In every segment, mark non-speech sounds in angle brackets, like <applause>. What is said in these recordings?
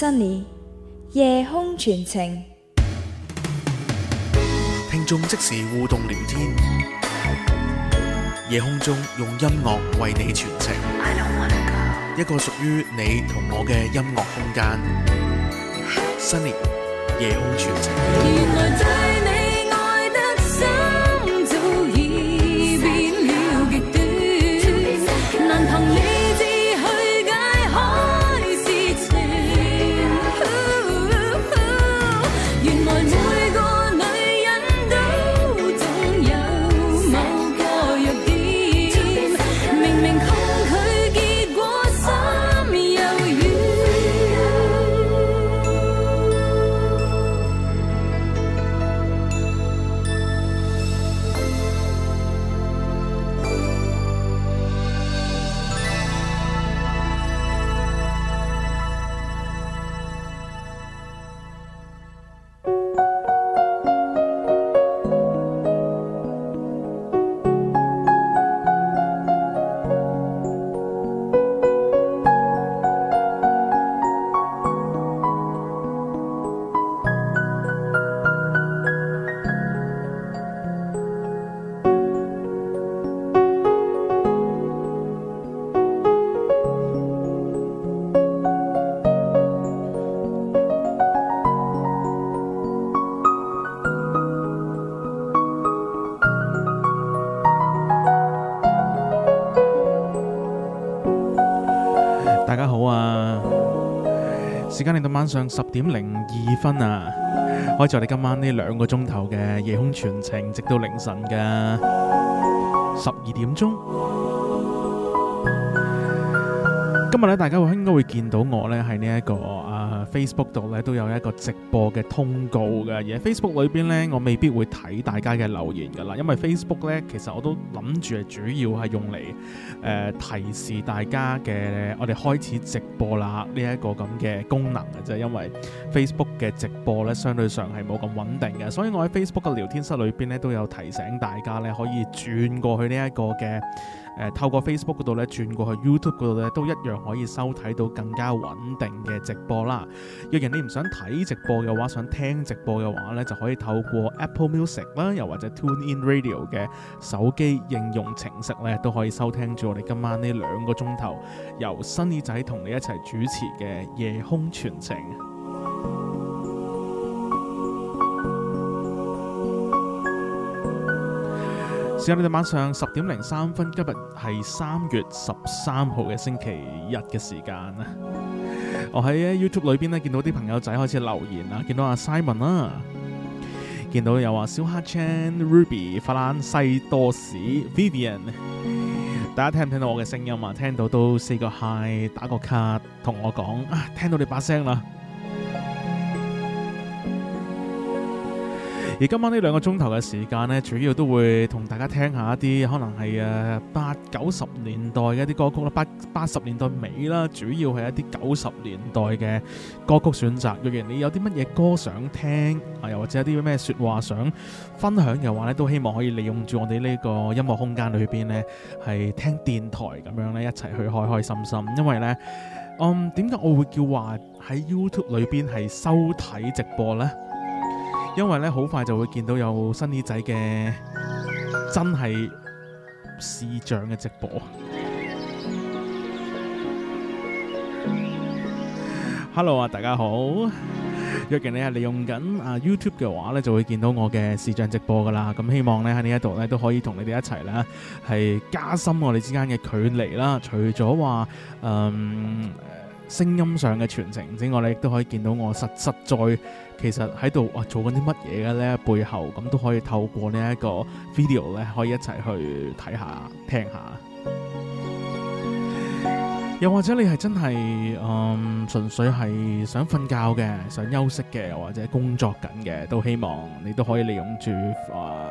Sunny 夜空傳情，聽眾即時互動聊天，夜空中用音樂為你傳情，一個屬於你同我嘅音樂空間。Sunny 夜空傳情。上十點零二分啊，開始我哋今晚呢兩個鐘頭嘅夜空傳情，直到凌晨嘅十二點鐘。今日咧，大家會應該會見到我咧，係呢一個。Facebook 度咧都有一個直播嘅通告嘅，而 Facebook 裏邊咧我未必會睇大家嘅留言噶啦，因為 Facebook 咧其實我都諗住係主要係用嚟誒、呃、提示大家嘅我哋開始直播啦呢一個咁嘅功能嘅啫，係因為 Facebook 嘅直播咧相對上係冇咁穩定嘅，所以我喺 Facebook 嘅聊天室裏邊咧都有提醒大家咧可以轉過去呢一個嘅。誒，透過 Facebook 嗰度咧轉過去 YouTube 嗰度咧都一樣可以收睇到更加穩定嘅直播啦。若然你唔想睇直播嘅話，想聽直播嘅話咧，就可以透過 Apple Music 啦，又或者 TuneIn Radio 嘅手機應用程式咧，都可以收聽住我哋今晚呢兩個鐘頭由 Sunny 仔同你一齊主持嘅夜空傳情。而家你哋晚上十點零三分，今日係三月十三號嘅星期日嘅時間啊！我喺 YouTube 裏邊呢，見到啲朋友仔開始留言啦，見到阿 Simon 啦、啊，見到又話、啊、小黑 Chan Ruby,、Ruby、法蘭西多士、Vivian，大家聽唔聽到我嘅聲音啊？聽到都四個嗨，打個卡同我講啊，聽到你把聲啦。而今晚呢兩個鐘頭嘅時間咧，主要都會同大家聽下一啲可能係誒八九十年代嘅一啲歌曲啦，八八十年代尾啦，主要係一啲九十年代嘅歌曲選擇。若然你有啲乜嘢歌想聽啊，又或者有啲咩説話想分享嘅話咧，都希望可以利用住我哋呢個音樂空間裏邊咧，係聽電台咁樣咧，一齊去開開心心。因為咧，嗯，點解我會叫話喺 YouTube 裏邊係收睇直播咧？因為咧，好快就會見到有 Sunny 仔嘅真係視像嘅直播。Hello 啊，大家好。若然你係利用緊啊 YouTube 嘅話咧，就會見到我嘅視像直播噶啦。咁希望咧喺呢一度咧都可以同你哋一齊咧係加深我哋之間嘅距離啦。除咗話誒聲音上嘅傳承之外，你亦都可以見到我實實在。其實喺度哇，做緊啲乜嘢嘅呢？背後咁、嗯、都可以透過呢一個 video 咧，可以一齊去睇下、聽下。又或者你係真係嗯純粹係想瞓覺嘅、想休息嘅，或者工作緊嘅，都希望你都可以利用住啊。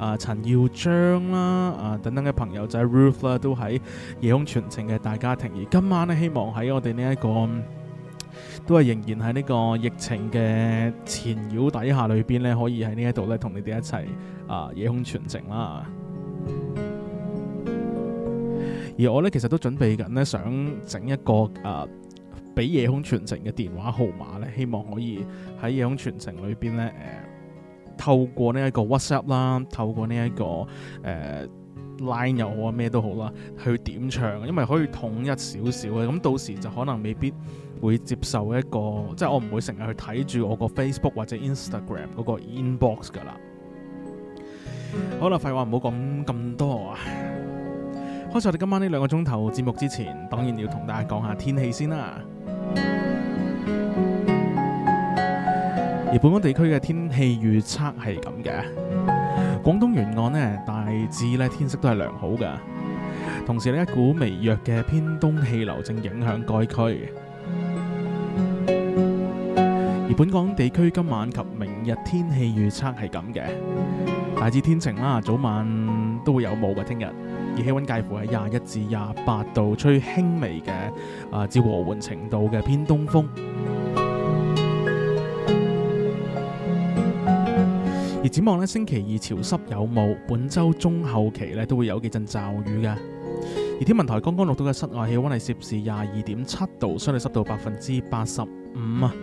啊、呃，陳耀章啦，啊、呃、等等嘅朋友仔 Ruth 啦，都喺夜空傳情嘅大家庭。而今晚呢，希望喺我哋呢一個都係仍然喺呢個疫情嘅纏繞底下裏邊呢，可以喺呢一度呢同你哋一齊啊夜空傳情啦。而我呢，其實都準備緊呢，想整一個啊俾夜空傳情嘅電話號碼呢，希望可以喺夜空傳情裏邊呢。誒、呃。透過呢一個 WhatsApp 啦，透過呢、這、一個誒、呃、Line 又好啊，咩都好啦、啊，去點唱，因為可以統一少少嘅，咁到時就可能未必會接受一個，即係我唔會成日去睇住我個 Facebook 或者 Instagram 嗰個 inbox 噶啦。好啦，廢話唔好講咁多啊。開始我哋今晚呢兩個鐘頭節目之前，當然要同大家講下天氣先啦。而本港地區嘅天氣預測係咁嘅，廣東沿岸咧大致咧天色都係良好嘅，同時咧一股微弱嘅偏東氣流正影響該區。而本港地區今晚及明日天氣預測係咁嘅，大致天晴啦，早晚都會有霧嘅。聽日，而氣温介乎喺廿一至廿八度，吹輕微嘅啊至和緩程度嘅偏東風。而展望呢，星期二潮濕有霧，本周中後期呢都會有幾陣驟雨嘅。而天文台剛剛錄到嘅室外氣溫係攝氏廿二點七度，相對濕度百分之八十五啊！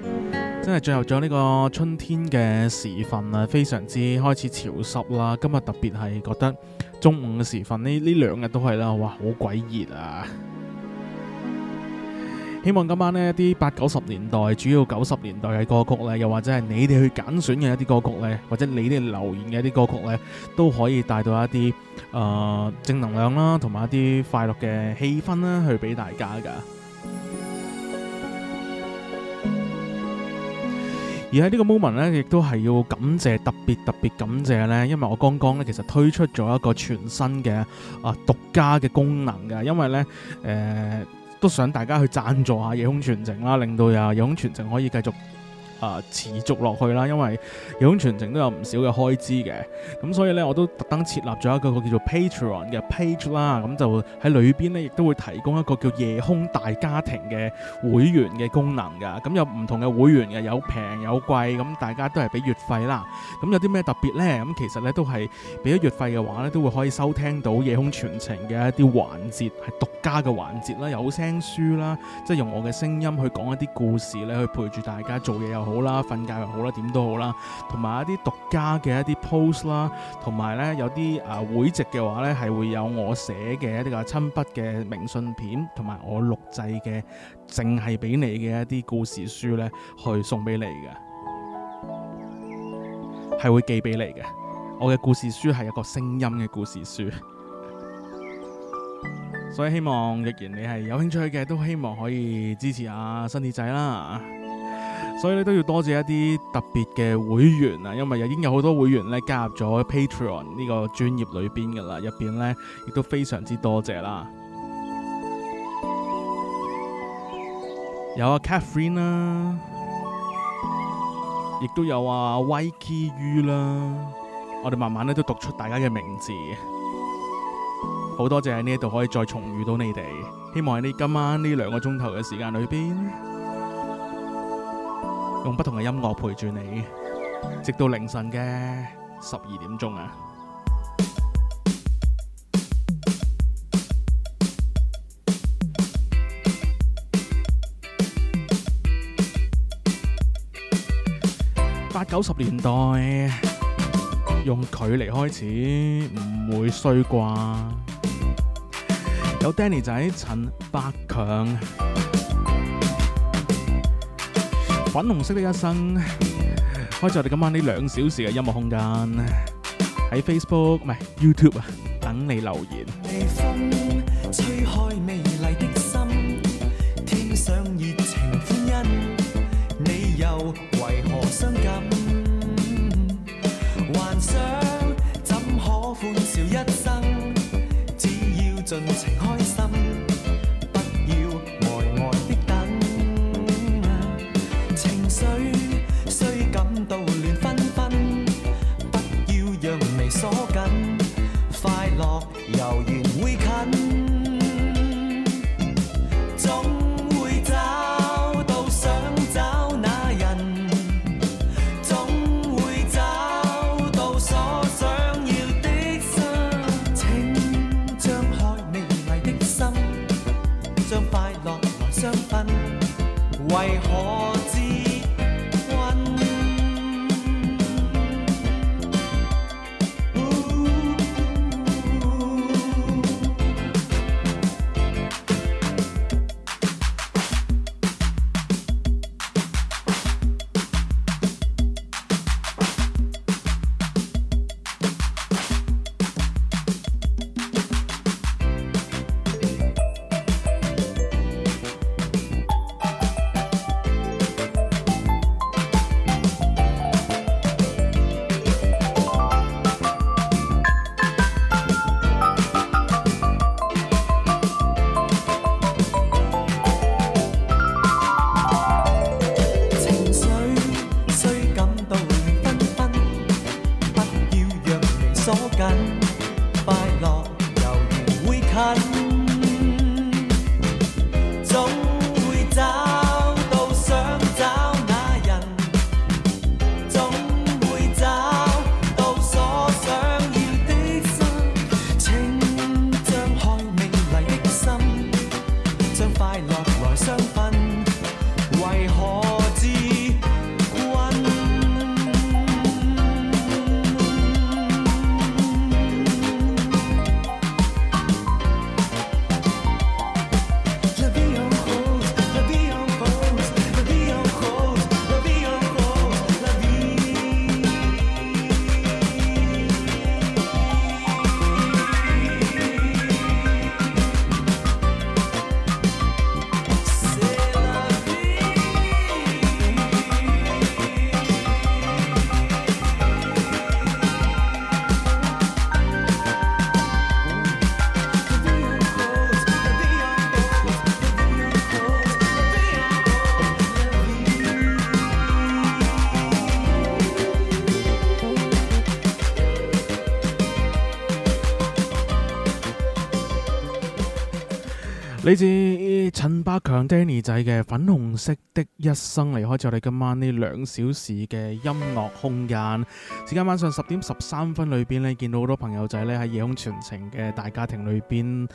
真係進入咗呢個春天嘅時分啦，非常之開始潮濕啦。今日特別係覺得中午嘅時分呢，呢兩日都係啦，哇，好鬼熱啊！希望今晚呢，啲八九十年代，主要九十年代嘅歌曲呢，又或者係你哋去揀選嘅一啲歌曲呢，或者你哋留言嘅一啲歌曲呢，都可以帶到一啲啊、呃、正能量啦，同埋一啲快樂嘅氣氛啦，去俾大家噶。而喺呢個 moment 呢，亦都係要感謝，特別特別感謝呢，因為我剛剛呢，其實推出咗一個全新嘅啊獨家嘅功能噶，因為呢。誒、呃。都想大家去贊助下夜空傳情啦，令到呀夜空傳情可以繼續。啊、呃，持續落去啦，因為夜空全程都有唔少嘅開支嘅，咁所以呢，我都特登設立咗一個叫做 Patreon 嘅 page 啦，咁就喺裏邊呢，亦都會提供一個叫夜空大家庭嘅會員嘅功能噶，咁有唔同嘅會員嘅，有平有貴，咁大家都係俾月費啦，咁有啲咩特別呢？咁其實呢，都係俾咗月費嘅話呢，都會可以收聽到夜空全程嘅一啲環節，係獨家嘅環節啦，有聲書啦，即係用我嘅聲音去講一啲故事咧，去陪住大家做嘢又～好啦，瞓覺又好啦，點都好啦，同埋一啲獨家嘅一啲 post 啦，同埋呢，有啲誒，會籍嘅話呢，係會有我寫嘅一啲咁親筆嘅明信片，同埋我錄製嘅淨係俾你嘅一啲故事書呢，去送俾你嘅，係會寄俾你嘅。我嘅故事書係一個聲音嘅故事書， <laughs> 所以希望，若然你係有興趣嘅，都希望可以支持下新鐵仔啦。所以咧，都要多謝一啲特別嘅會員啊，因為已經有好多會員咧加入咗 Patreon 呢個專業裏邊噶啦，入邊咧亦都非常之多謝啦。 <music> 有啊 Catherine 啦，亦都有啊 Yiki Yu 啦，我哋慢慢咧都讀出大家嘅名字，好 <laughs> 多謝喺呢一度可以再重遇到你哋，希望喺呢今晚呢兩個鐘頭嘅時間裏邊，用不同嘅音樂陪住你，直到凌晨嘅十二點鐘啊！八九十年代用距離開始，唔會衰啩。有 Danny 仔、陳百強。粉紅色的一生，開咗我哋今晚呢兩小時嘅音樂空間，喺 Facebook 唔係 YouTube 啊，等你留言。微風吹開美麗的心，天上熱情歡欣，你又為何傷感，幻想怎可歡笑一生，只要盡情李志，來自陳百強、Danny 仔嘅《粉紅色的一生》嚟，開咗我哋今晚呢兩小時嘅音樂空間。時間晚上十點十三分裏邊咧，見到好多朋友仔咧喺夜空傳情嘅大家庭裏邊，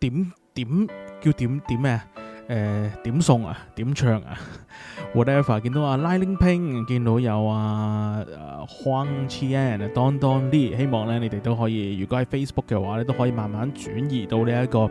點點叫點點咩？誒、呃，點送啊？點唱啊 <laughs> ？Whatever！見到啊 Ling Pink，見到有阿黃千、當當啲，ien, Don Don Lee, 希望呢，你哋都可以。如果喺 Facebook 嘅話，你都可以慢慢轉移到呢、這、一個。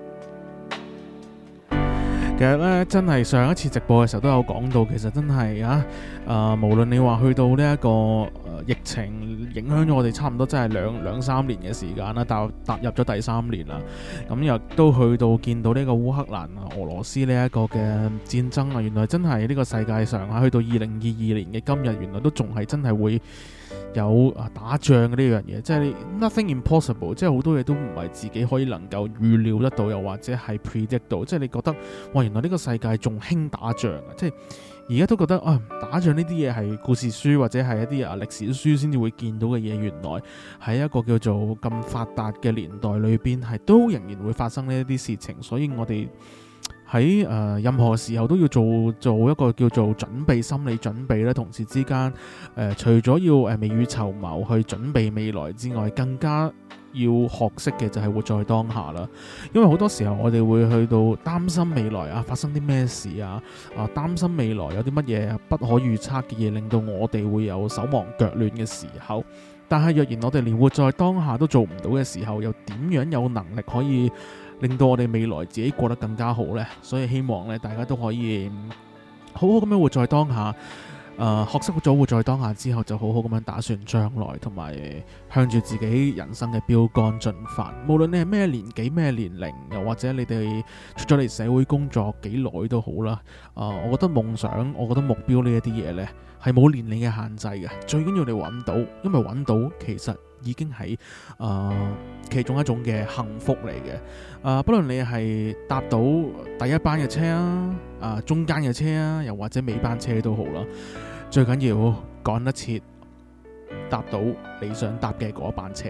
其實咧，真係上一次直播嘅時候都有講到，其實真係啊，誒、呃，無論你話去到呢一個疫情影響咗我哋差唔多真兩，真係兩兩三年嘅時間啦，踏入踏入咗第三年啦，咁、嗯、又都去到見到呢個烏克蘭、俄羅斯呢一個嘅戰爭啊，原來真係呢個世界上啊，去到二零二二年嘅今日，原來都仲係真係會。有啊，打仗嘅呢樣嘢，即係 nothing impossible，即係好多嘢都唔係自己可以能夠預料得到又，又或者係 predict 到。即係你覺得哇，原來呢個世界仲興打仗啊！即係而家都覺得啊，打仗呢啲嘢係故事書或者係一啲啊歷史書先至會見到嘅嘢，原來喺一個叫做咁發達嘅年代裏邊，係都仍然會發生呢一啲事情。所以我哋。喺誒、呃、任何時候都要做做一個叫做準備心理準備呢，同時之間誒、呃、除咗要誒未雨綢繆去準備未來之外，更加要學識嘅就係活在當下啦。因為好多時候我哋會去到擔心未來啊，發生啲咩事啊，啊擔心未來有啲乜嘢不可預測嘅嘢，令到我哋會有手忙腳亂嘅時候。但係若然我哋連活在當下都做唔到嘅時候，又點樣有能力可以？令到我哋未來自己過得更加好呢。所以希望咧大家都可以好好咁樣活在當下。誒、呃，學識咗活在當下之後，就好好咁樣打算將來，同埋向住自己人生嘅標杆進發。無論你係咩年紀、咩年齡，又或者你哋出咗嚟社會工作幾耐都好啦。誒、呃，我覺得夢想，我覺得目標呢一啲嘢呢，係冇年齡嘅限制嘅。最緊要你搵到，因為搵到其實。已經係啊、呃、其中一種嘅幸福嚟嘅啊，不論你係搭到第一班嘅車啊，啊、呃、中間嘅車啊，又或者尾班車都好啦，最緊要趕得切，搭到你想搭嘅嗰班車。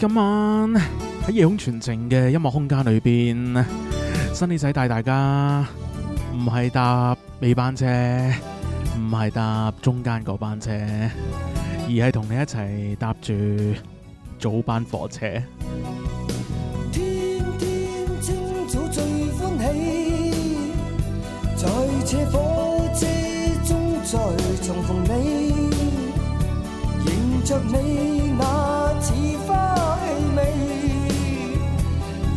今晚喺夜空傳情嘅音樂空間裏邊，新李仔帶大家唔係搭尾班車，唔係搭中間嗰班車，而係同你一齊搭住早班火車。天天清早最歡喜，在這火車中再重逢你，迎着你那似。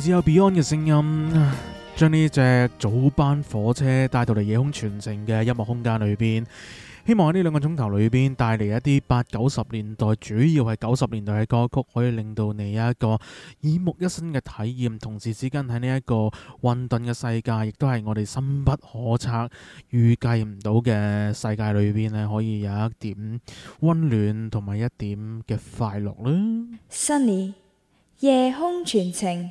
只有 Beyond 嘅聲音將呢隻早班火車帶到嚟夜空傳情嘅音樂空間裏邊。希望喺呢兩個鐘頭裏邊帶嚟一啲八九十年代，主要係九十年代嘅歌曲，可以令到你一個耳目一新嘅體驗。同時之間喺呢一個混沌嘅世界，亦都係我哋深不可測、預計唔到嘅世界裏邊咧，可以有一點溫暖同埋一點嘅快樂啦。Sunny 夜空傳情。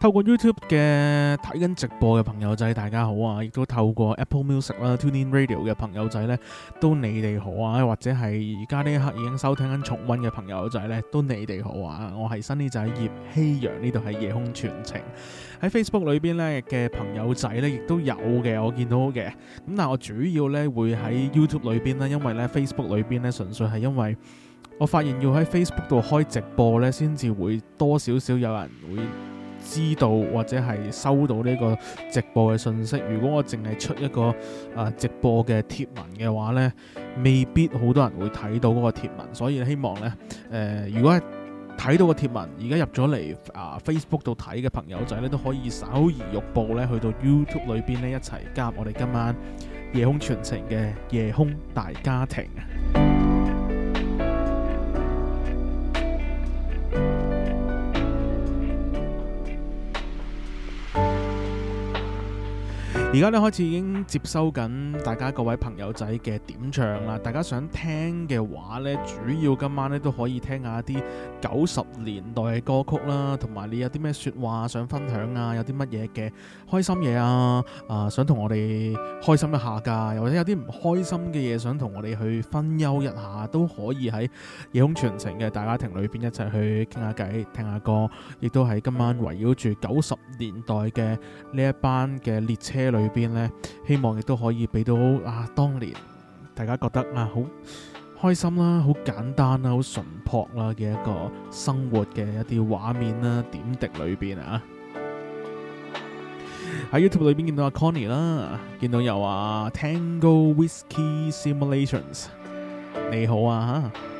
透過 YouTube 嘅睇緊直播嘅朋友仔，大家好啊！亦都透過 Apple Music 啦、TuneIn Radio 嘅朋友仔呢，都你哋好啊！或者係而家呢一刻已經收聽緊重溫嘅朋友仔呢，都你哋好啊！我係 Sunny 仔葉希陽呢度係夜空全程喺 Facebook 裏邊呢嘅朋友仔呢，亦都有嘅。我見到嘅咁，但我主要呢會喺 YouTube 裏邊啦，因為呢 Facebook 裏邊呢，純粹係因為我發現要喺 Facebook 度開直播呢，先至會多少少有人會。知道或者係收到呢個直播嘅信息。如果我淨係出一個啊、呃、直播嘅貼文嘅話呢，未必好多人會睇到嗰個貼文。所以希望呢，誒、呃，如果係睇到個貼文而家入咗嚟啊 Facebook 度睇嘅朋友仔呢，都可以稍移玉步呢，去到 YouTube 裏邊呢，一齊加入我哋今晚夜空傳情嘅夜空大家庭而家咧開始已經接收緊大家各位朋友仔嘅點唱啦！大家想聽嘅話咧，主要今晚咧都可以聽一下啲九十年代嘅歌曲啦，同埋你有啲咩說話想分享啊？有啲乜嘢嘅開心嘢啊？啊、呃，想同我哋開心一下㗎，又或者有啲唔開心嘅嘢想同我哋去分憂一下，都可以喺夜空傳情嘅大家庭裏邊一齊去傾下偈聽下歌，亦都係今晚圍繞住九十年代嘅呢一班嘅列車裏邊咧，希望亦都可以俾到啊！當年大家覺得啊，好開心啦，好簡單啦，好淳樸啦嘅一個生活嘅一啲畫面啦，點滴裏邊啊。喺 YouTube 裏邊見到阿、啊、Connie 啦、啊，見到有啊 Tango Whiskey Simulations，你好啊吓。啊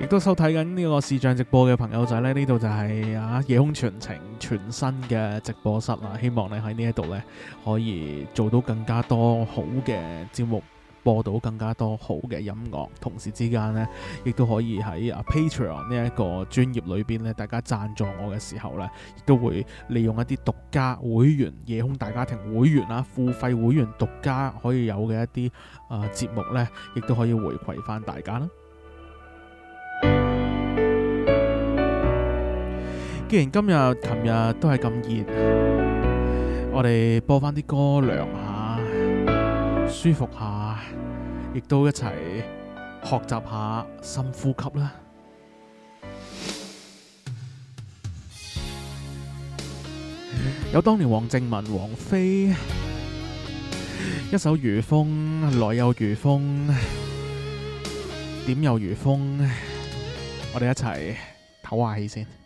亦都收睇緊呢個視像直播嘅朋友仔呢，呢度就係啊夜空傳情全新嘅直播室啦。希望你喺呢一度呢，可以做到更加多好嘅節目，播到更加多好嘅音樂。同時之間呢，亦都可以喺啊 Patreon 呢一個專頁裏邊呢，大家贊助我嘅時候呢，亦都會利用一啲獨家會員夜空大家庭會員啦，付費會員獨家可以有嘅一啲啊節目呢，亦都可以回饋返大家啦。既然今日、琴日都係咁熱，我哋播翻啲歌涼下，舒服下，亦都一齊學習下深呼吸啦。有當年王靖雯、王菲一首《如風》，來又如風，點又如風，我哋一齊唞下氣先。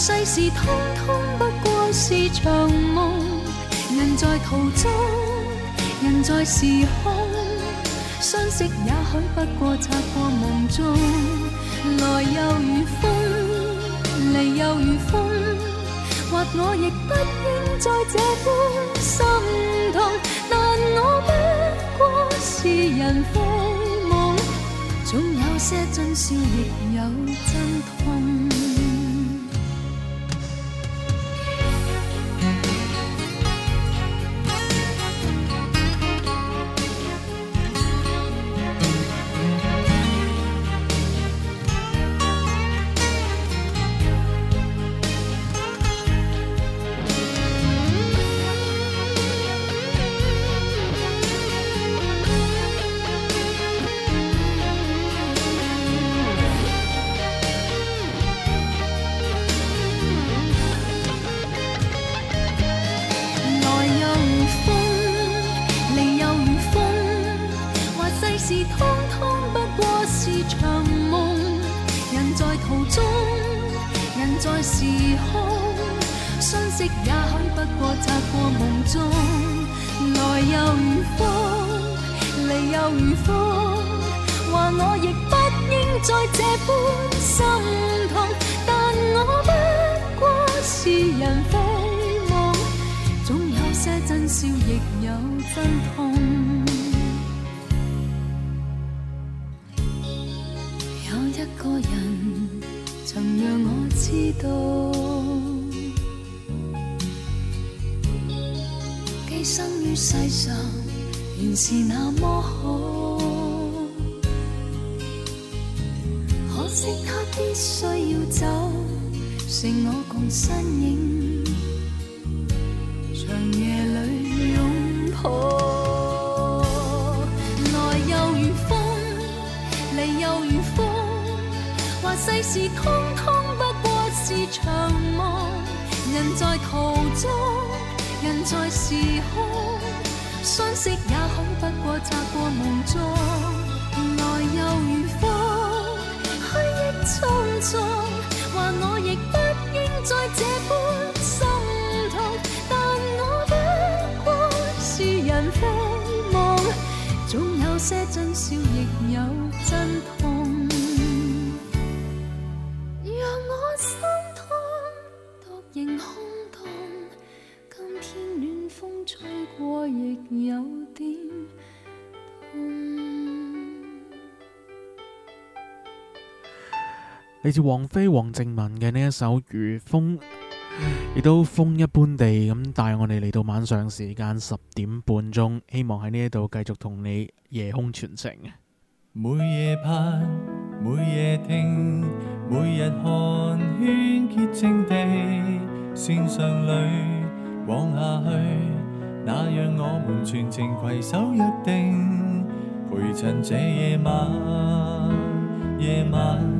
世事通通不過是場夢，人在途中，人在時空，相識也許不過擦過夢中，來又如風，離又如風，或我亦不應再這般心痛，但我不過是人非夢，總有些真笑亦有真痛。似王菲、王靖雯嘅呢一首《如風》，亦都風一般地咁帶我哋嚟到晚上時間十點半鐘。希望喺呢一度繼續同你夜空傳情。每夜盼，每夜聽，每日看，圈潔淨地線上裏往下去，那讓我們全程攜手約定，陪襯這夜晚，夜晚。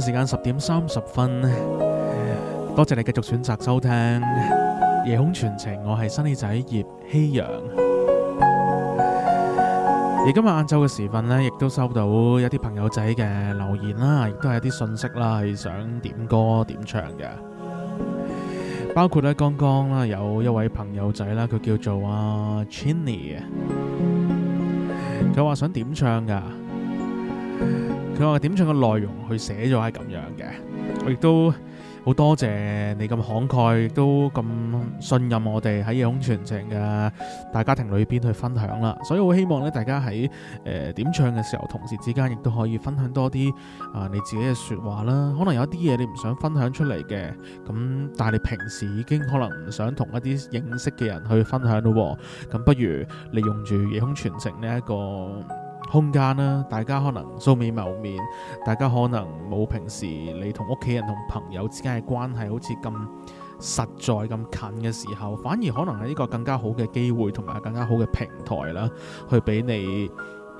時間十點三十分，多謝你繼續選擇收聽《夜空傳情》，我係 Sunny 仔葉希陽。而今日晏晝嘅時分呢亦都收到一啲朋友仔嘅留言啦，亦都係一啲信息，啦，係想點歌點唱嘅。包括呢，剛剛啦，有一位朋友仔啦，佢叫做阿、啊、Chinny，佢話想點唱噶。佢話點唱嘅內容去寫咗係咁樣嘅，我亦都好多謝你咁慷慨，亦都咁信任我哋喺夜空傳情嘅大家庭裏邊去分享啦。所以我希望咧，大家喺誒點唱嘅時候，同事之間亦都可以分享多啲啊，你自己嘅説話啦。可能有一啲嘢你唔想分享出嚟嘅，咁但係你平時已經可能唔想同一啲認識嘅人去分享咯。咁不如利用住夜空傳情呢一個。空間啦，大家可能素未謀面，大家可能冇平時你同屋企人同朋友之間嘅關係好似咁實在咁近嘅時候，反而可能係一個更加好嘅機會同埋更加好嘅平台啦，去俾你。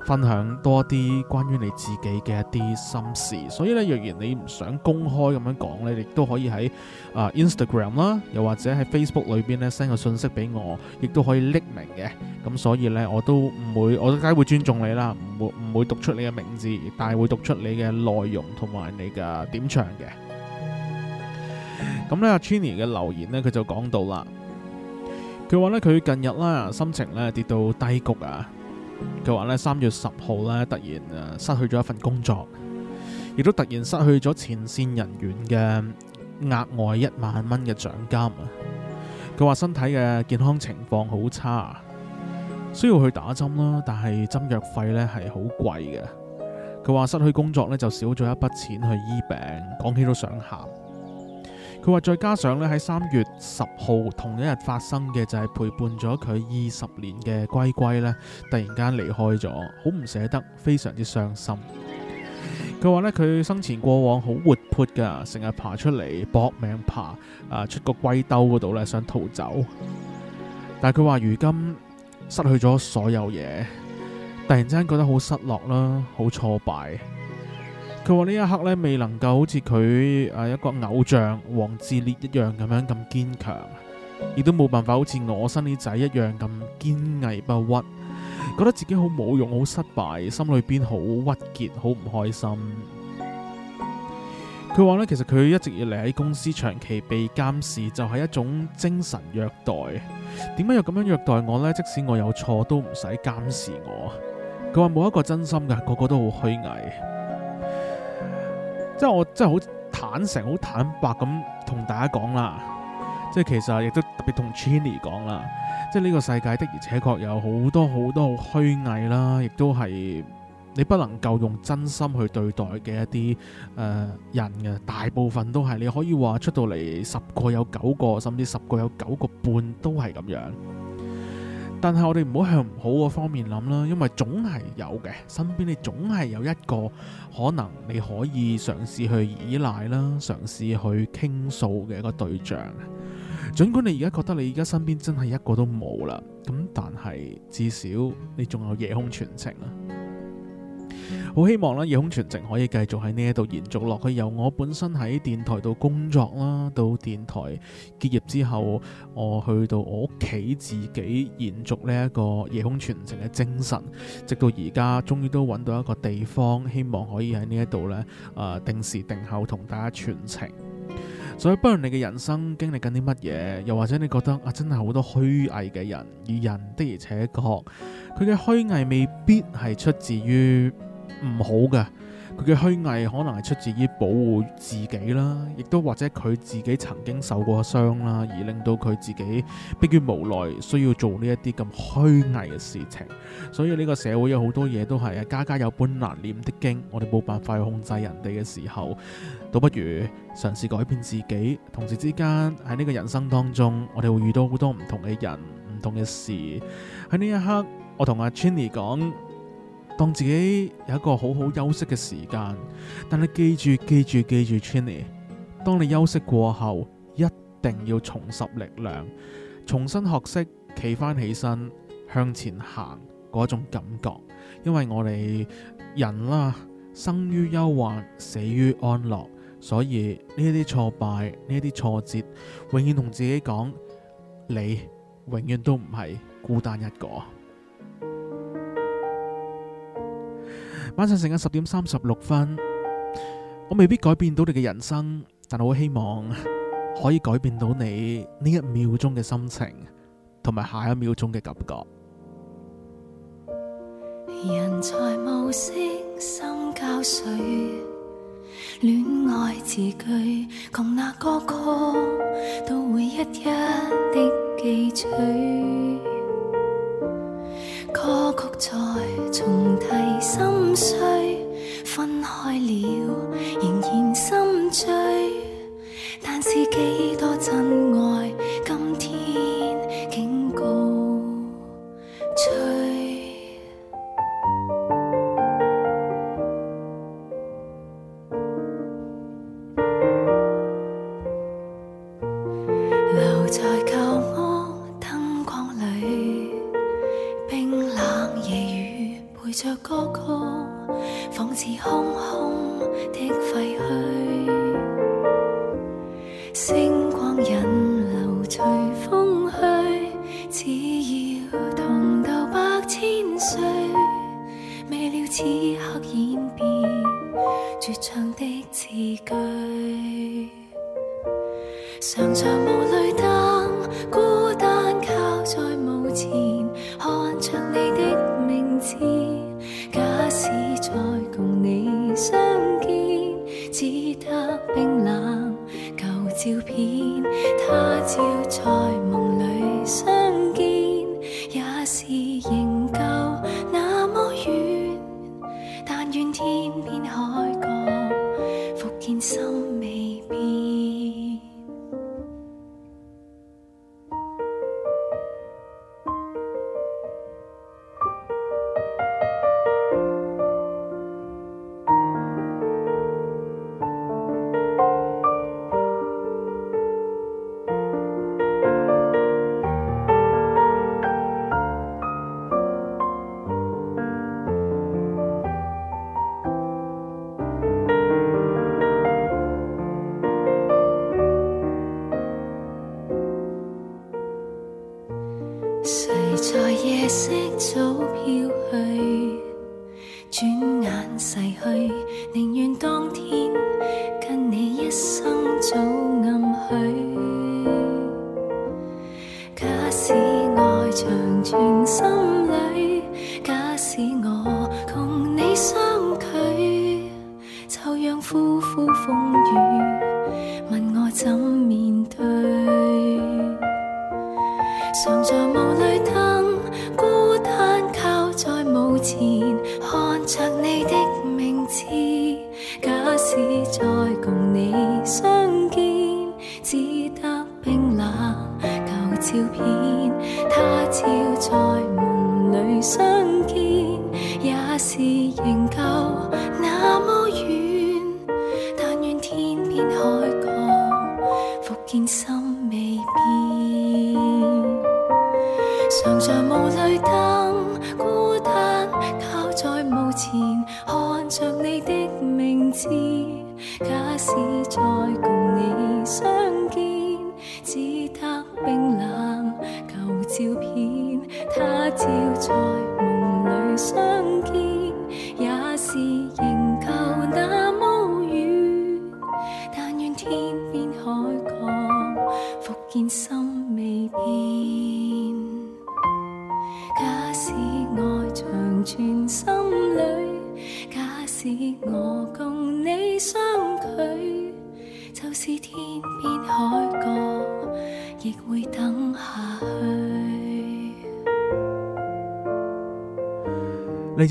分享多啲關於你自己嘅一啲心事，所以咧，若然你唔想公開咁樣講咧，亦都可以喺啊、呃、Instagram 啦，又或者喺 Facebook 裏邊咧 send 個信息俾我，亦都可以匿名嘅。咁所以咧，我都唔會，我都梗係會尊重你啦，唔會唔會讀出你嘅名字，但係會讀出你嘅內容同埋你嘅點唱嘅。咁咧，阿 Trini 嘅留言咧，佢就講到啦，佢話咧佢近日啦心情咧跌到低谷啊。佢話呢，三月十號呢，突然誒失去咗一份工作，亦都突然失去咗前線人員嘅額外一萬蚊嘅獎金啊！佢話身體嘅健康情況好差，需要去打針啦，但係針藥費呢係好貴嘅。佢話失去工作呢，就少咗一筆錢去醫病，講起都想喊。佢話再加上咧，喺三月十號同一日發生嘅就係陪伴咗佢二十年嘅龜龜咧，突然間離開咗，好唔捨得，非常之傷心。佢話咧，佢生前過往好活潑噶，成日爬出嚟，搏命爬啊、呃，出個龜兜嗰度咧，想逃走，但係佢話如今失去咗所有嘢，突然之間覺得好失落啦，好挫敗。佢話呢一刻咧，未能夠好似佢啊一個偶像黃致列一樣咁樣咁堅強，亦都冇辦法好似我生啲仔一樣咁堅毅不屈，覺得自己好冇用、好失敗，心裏邊好鬱結、好唔開心。佢話咧， <music> 其實佢一直以嚟喺公司長期被監視，就係一種精神虐待。點解要咁樣虐待我呢？即使我有錯，都唔使監視我。佢話冇一個真心嘅，個個都好虛偽。即係我真係好坦誠、好坦白咁同大家講啦，即係其實亦都特別同 Chinny 講啦，即係呢個世界的而且確有好多好多好虛偽啦，亦都係你不能夠用真心去對待嘅一啲誒、呃、人嘅，大部分都係你可以話出到嚟十個有九個，甚至十個有九個半都係咁樣。但係我哋唔好向唔好嗰方面諗啦，因為總係有嘅，身邊你總係有一個可能你可以嘗試去依賴啦，嘗試去傾訴嘅一個對象。盡管你而家覺得你而家身邊真係一個都冇啦，咁但係至少你仲有夜空傳情啦、啊。好希望咧，夜空傳情可以繼續喺呢一度延續落去。由我本身喺電台度工作啦，到電台結業之後，我去到我屋企自己延續呢一個夜空傳情嘅精神，直到而家，終於都揾到一個地方，希望可以喺呢一度呢啊，定時定候同大家傳情。所以，不論你嘅人生經歷緊啲乜嘢，又或者你覺得啊，真係好多虛偽嘅人，與人的而且確佢嘅虛偽未必係出自於。唔好㗎，佢嘅虛偽可能係出自於保護自己啦，亦都或者佢自己曾經受過傷啦，而令到佢自己迫於無奈需要做呢一啲咁虛偽嘅事情。所以呢個社會有好多嘢都係啊，家家有本難念的經。我哋冇辦法去控制人哋嘅時候，倒不如嘗試改變自己。同時之間喺呢個人生當中，我哋會遇到好多唔同嘅人、唔同嘅事。喺呢一刻，我同阿 Chinny 講。當自己有一個好好休息嘅時間，但你記住，記住，記住，Trini，當你休息過後，一定要重拾力量，重新學識企翻起身向前行嗰種感覺。因為我哋人啦，生於憂患，死於安樂，所以呢啲挫敗，呢啲挫折，永遠同自己講，你永遠都唔係孤單一個。晚上時間十點三十六分，我未必改變到你嘅人生，但我希望可以改變到你呢一秒鐘嘅心情，同埋下一秒鐘嘅感覺。人在無聲心交悴，戀愛字句，同那歌曲，都會一一的記取。歌曲再重提，心碎，分開了，仍然心醉。但是幾多真愛，今天竟告吹。着歌曲，仿似空空的廢墟，星光引流隨風去，只要同渡百千歲，未料此刻演變絕唱的字句，長長無淚。照片，他朝在夢裏相見，也是仍舊那麼遠，但願天邊海角，復見心。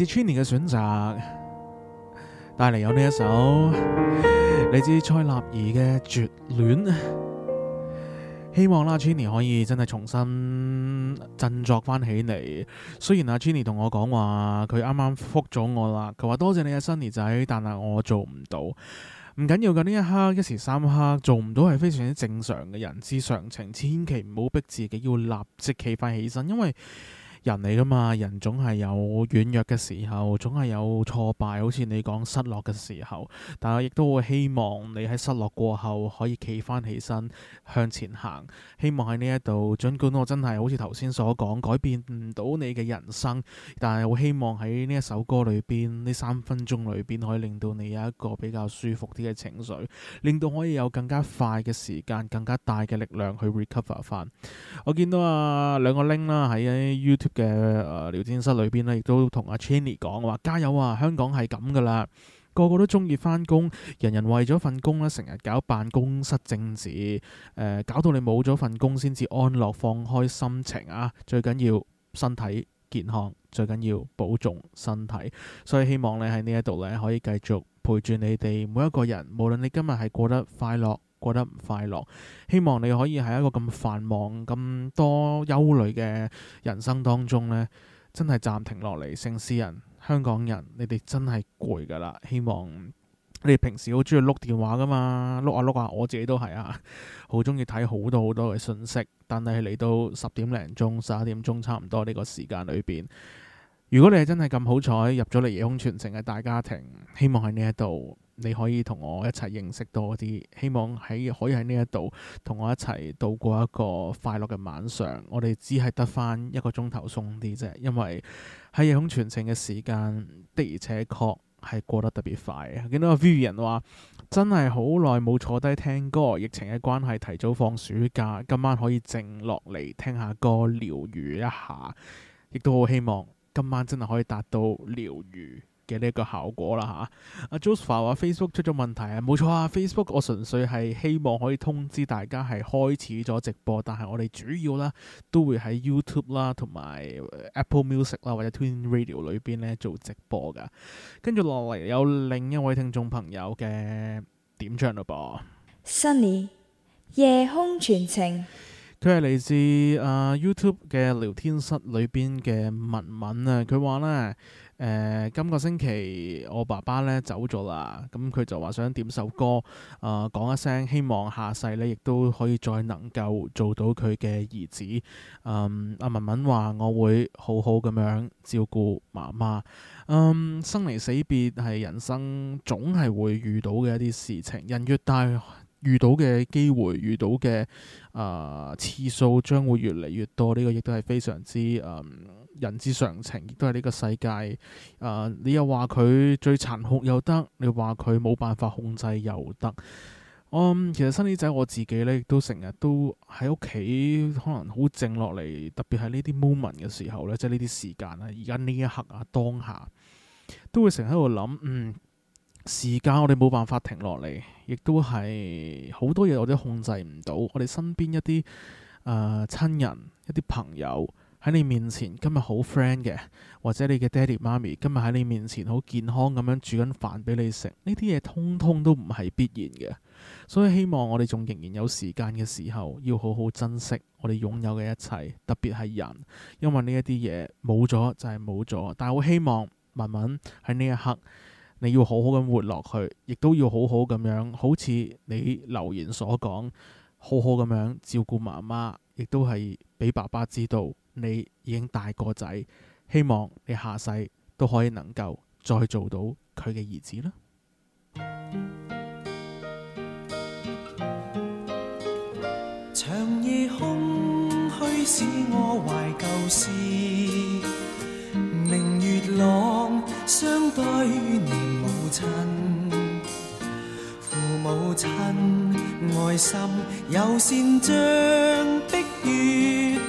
Chinny 嘅選擇帶嚟，有呢一首你知蔡立兒嘅絕戀，希望啦 Chinny 可以真係重新振作翻起嚟。雖然阿 Chinny 同我講話佢啱啱覆咗我啦，佢話，多謝你啊，Sunny 仔，但係我做唔到。唔緊要嘅，呢一刻一時三刻做唔到係非常之正常嘅人之常情，千祈唔好逼自己要立即企翻起身，因為。人嚟噶嘛，人總係有軟弱嘅時候，總係有挫敗好似你講失落嘅時候。但係我亦都會希望你喺失落過後可以企翻起身向前行。希望喺呢一度，盡管我真係好似頭先所講改變唔到你嘅人生，但係我希望喺呢一首歌裏邊呢三分鐘裏邊可以令到你有一個比較舒服啲嘅情緒，令到可以有更加快嘅時間，更加大嘅力量去 recover 翻。我見到啊兩個 link 啦喺 YouTube。嘅誒聊天室裏邊咧，亦都同阿 Channy 講話加油啊！香港係咁噶啦，個個都鍾意返工，人人為咗份工咧，成日搞辦公室政治誒、呃，搞到你冇咗份工先至安樂放開心情啊！最緊要身體健康，最緊要保重身體，所以希望你喺呢一度咧可以繼續陪住你哋每一個人，無論你今日係過得快樂。過得唔快樂，希望你可以喺一個咁繁忙，咁多憂慮嘅人生當中呢，真係暫停落嚟。城市人，香港人，你哋真係攰噶啦！希望你哋平時好中意碌電話噶嘛，碌下碌下，我自己都係啊，好中意睇好多好多嘅信息。但係嚟到十點零鐘，十一點鐘，差唔多呢個時間裏邊，如果你係真係咁好彩，入咗嚟夜空傳情嘅大家庭，希望喺呢一度，你可以同我一齊認識多啲，希望喺可以喺呢一度同我一齊度過一個快樂嘅晚上。我哋只係得返一個鐘頭鬆啲啫，因為喺夜空傳情嘅時間的而且確係過得特別快。見到個 Vivian 話真係好耐冇坐低聽歌，疫情嘅關係提早放暑假，今晚可以靜落嚟聽下歌療愈一下，亦都好希望今晚真係可以達到療愈。嘅呢個效果啦吓，阿、啊啊、Joseph 話 Facebook 出咗問題錯啊，冇錯啊，Facebook 我純粹係希望可以通知大家係開始咗直播，但係我哋主要啦都會喺 YouTube 啦同埋 Apple Music 啦或者 Twin Radio 裡邊咧做直播噶，跟住落嚟有另一位聽眾朋友嘅點唱嘞？噃，Sunny 夜空傳情，佢係嚟自啊 YouTube 嘅聊天室裡邊嘅文文啊，佢話呢。誒、呃，今個星期我爸爸咧走咗啦，咁、嗯、佢就話想點首歌，啊、呃、講一聲，希望下世咧亦都可以再能夠做到佢嘅兒子。阿、嗯、文文話：我會好好咁樣照顧媽媽。嗯、生離死別係人生總係會遇到嘅一啲事情，人越大遇到嘅機會、遇到嘅、呃、次數將會越嚟越多，呢、這個亦都係非常之嗯。人之常情，亦都係呢個世界。誒、呃，你又話佢最殘酷又得，你話佢冇辦法控制又得。我、嗯、其實新啲仔我自己咧，亦都成日都喺屋企，可能好靜落嚟，特別係呢啲 moment 嘅時候咧，即係呢啲時間啊，而家呢一刻啊，當下都會成日喺度諗，嗯，時間我哋冇辦法停落嚟，亦都係好多嘢我都控制唔到。我哋身邊一啲誒親人、一啲朋友。喺你面前今日好 friend 嘅，或者你嘅爹哋媽咪今日喺你面前好健康咁樣煮緊飯俾你食，呢啲嘢，通通都唔係必然嘅。所以希望我哋仲，仍然有時間嘅時候，要好好珍惜我哋擁有嘅一切，特別係人，因為呢一啲嘢，冇咗就係冇咗。但係我希望文文，喺呢一刻，你要好好咁活落去，亦都要好好咁樣，好似你留言所講，好好咁樣照顧媽媽，亦都係俾爸爸知道，你已經大個仔，希望你下世都可以能夠再做到佢嘅兒子啦。長夜空虛使我懷舊事，明月朗，相對念母親。父母親愛心柔善像碧月。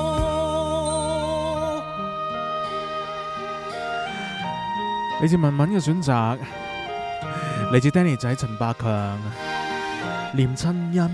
嚟自雯雯嘅選擇，嚟自 Danny 仔陳百強《念親恩》。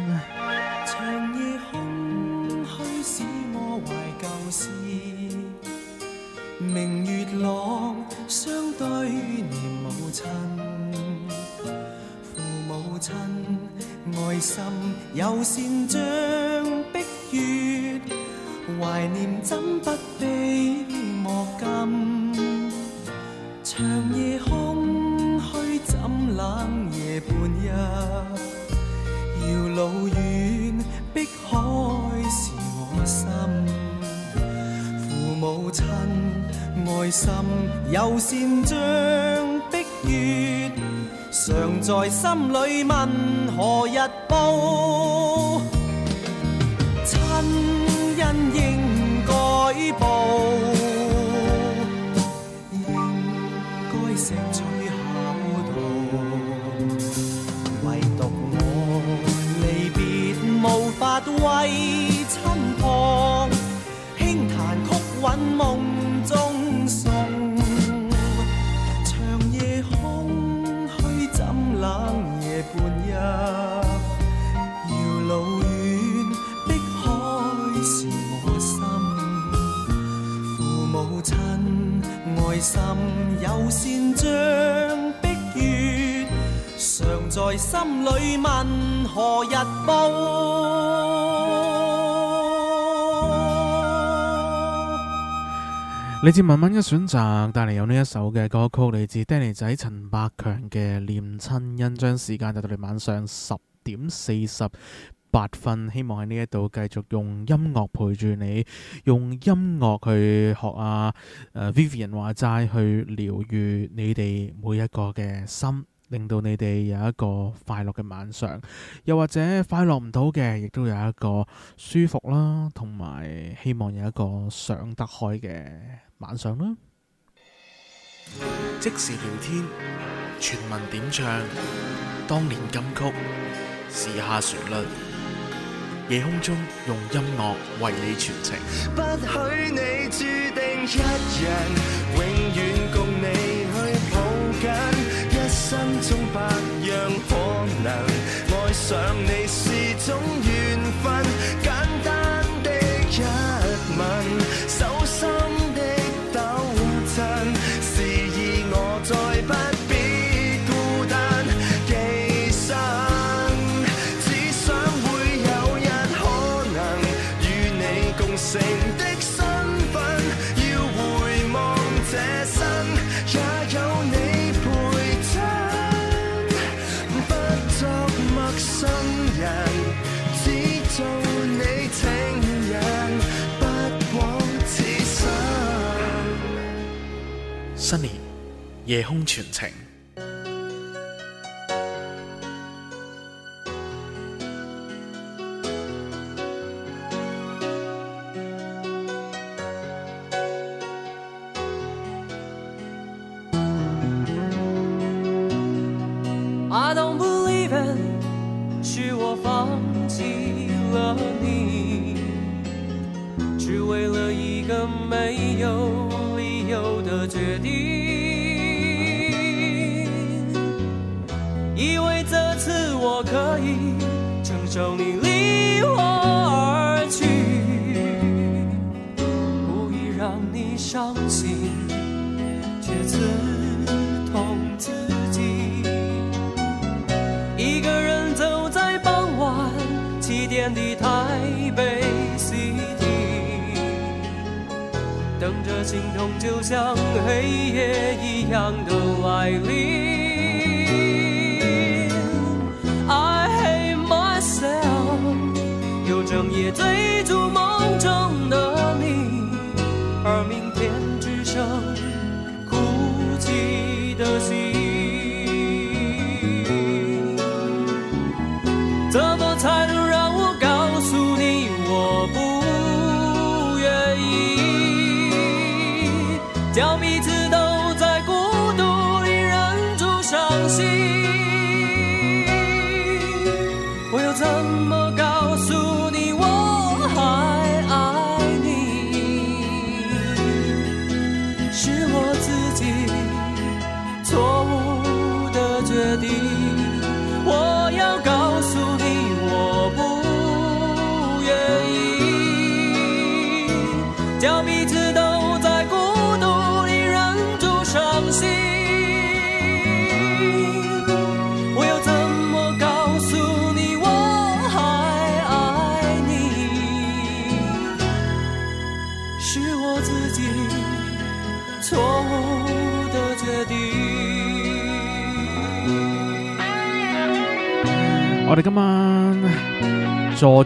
李志慢慢嘅選擇帶嚟有呢一首嘅歌曲，嚟自 Danny 仔陳百強嘅《念親恩》，將時間就到嚟晚上十點四十八分，希望喺呢一度繼續用音樂陪住你，用音樂去學啊，啊，Vivian 話齋去療癒你哋每一個嘅心。令到你哋有一個快樂嘅晚上，又或者快樂唔到嘅，亦都有一個舒服啦，同埋希望有一個想得開嘅晚上啦。即時聊天，全民點唱，當年金曲，時下旋律，夜空中用音樂為你傳情。不許你註定一人，永遠。心中百樣可能，愛上你是種。夜空傳情。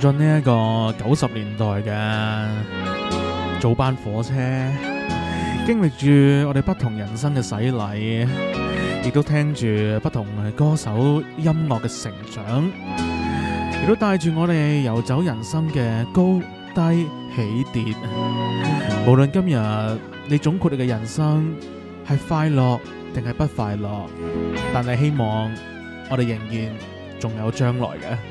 進呢一個九十年代嘅早班火車，經歷住我哋不同人生嘅洗禮，亦都聽住不同歌手音樂嘅成長，亦都帶住我哋游走人生嘅高低起跌。無論今日你總括你嘅人生係快樂定係不快樂，但係希望我哋仍然仲有將來嘅。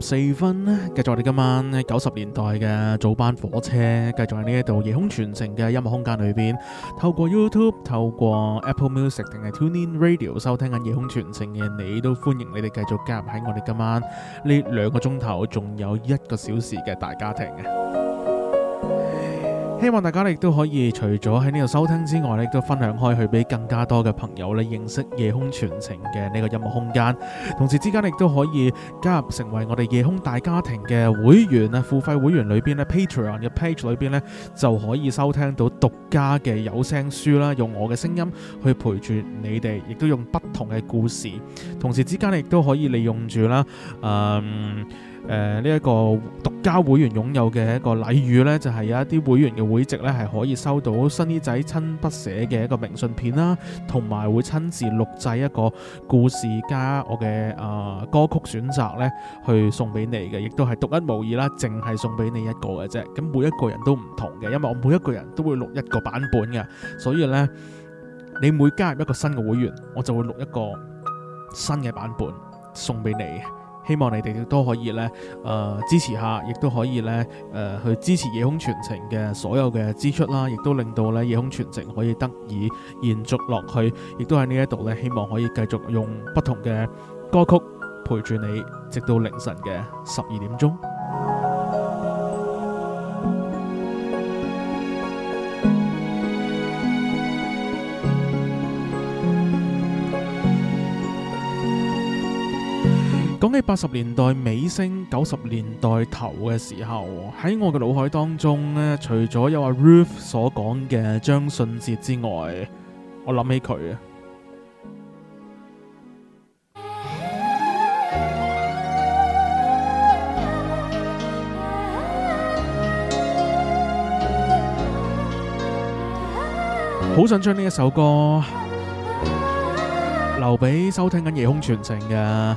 十四分，繼續我哋今晚九十年代嘅早班火車，繼續喺呢一度夜空傳情嘅音樂空間裏邊，透過 YouTube、透過 Apple Music 定係 TuneIn Radio 收聽緊夜空傳情嘅你，都歡迎你哋繼續加入喺我哋今晚呢兩個鐘頭，仲有一個小時嘅大家庭。希望大家亦都可以除咗喺呢度收聽之外，咧亦都分享開去俾更加多嘅朋友咧，認識夜空傳情嘅呢個音樂空間。同時之間亦都可以加入成為我哋夜空大家庭嘅會員啊，付費會員裏邊咧，Patreon 嘅 page 裏邊咧就可以收聽到獨家嘅有聲書啦，用我嘅聲音去陪住你哋，亦都用不同嘅故事。同時之間亦都可以利用住啦，嗯。誒，呢一、呃這個獨家會員擁有嘅一個禮遇呢，就係、是、有一啲會員嘅會籍呢，係可以收到新姨仔親筆寫嘅一個明信片啦，同埋會親自錄製一個故事加我嘅誒、呃、歌曲選擇呢，去送俾你嘅，亦都係獨一無二啦，淨係送俾你一個嘅啫。咁每一個人都唔同嘅，因為我每一個人都會錄一個版本嘅，所以呢，你每加入一個新嘅會員，我就會錄一個新嘅版本送俾你。希望你哋都可以咧，誒、呃、支持下，亦都可以咧，誒、呃、去支持夜空傳情嘅所有嘅支出啦，亦都令到咧夜空傳情可以得以延續落去，亦都喺呢一度咧，希望可以繼續用不同嘅歌曲陪住你，直到凌晨嘅十二點鐘。喺八十年代尾聲、九十年代頭嘅時候，喺我嘅腦海當中呢，除咗有阿 Ruth 所講嘅張信哲之外，我諗起佢啊。好 <music> 想將呢一首歌留俾收聽緊夜空傳情嘅。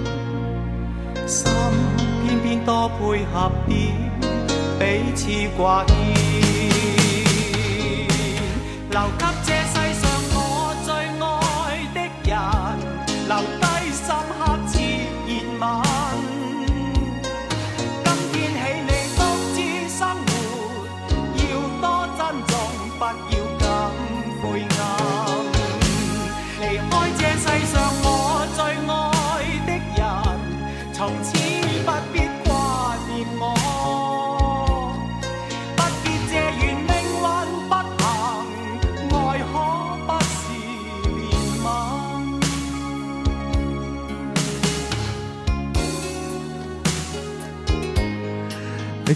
心偏偏多配合點，彼此掛牽。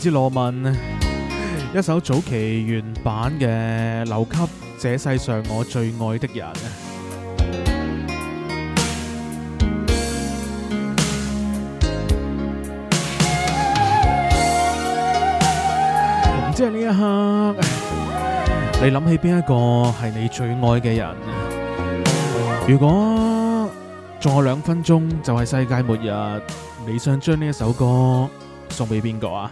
羅文一首早期原版嘅留給這世上我最愛的人。唔知喺呢一刻，你諗起邊一個係你最愛嘅人？如果仲有兩分鐘就係世界末日，你想將呢一首歌送俾邊個啊？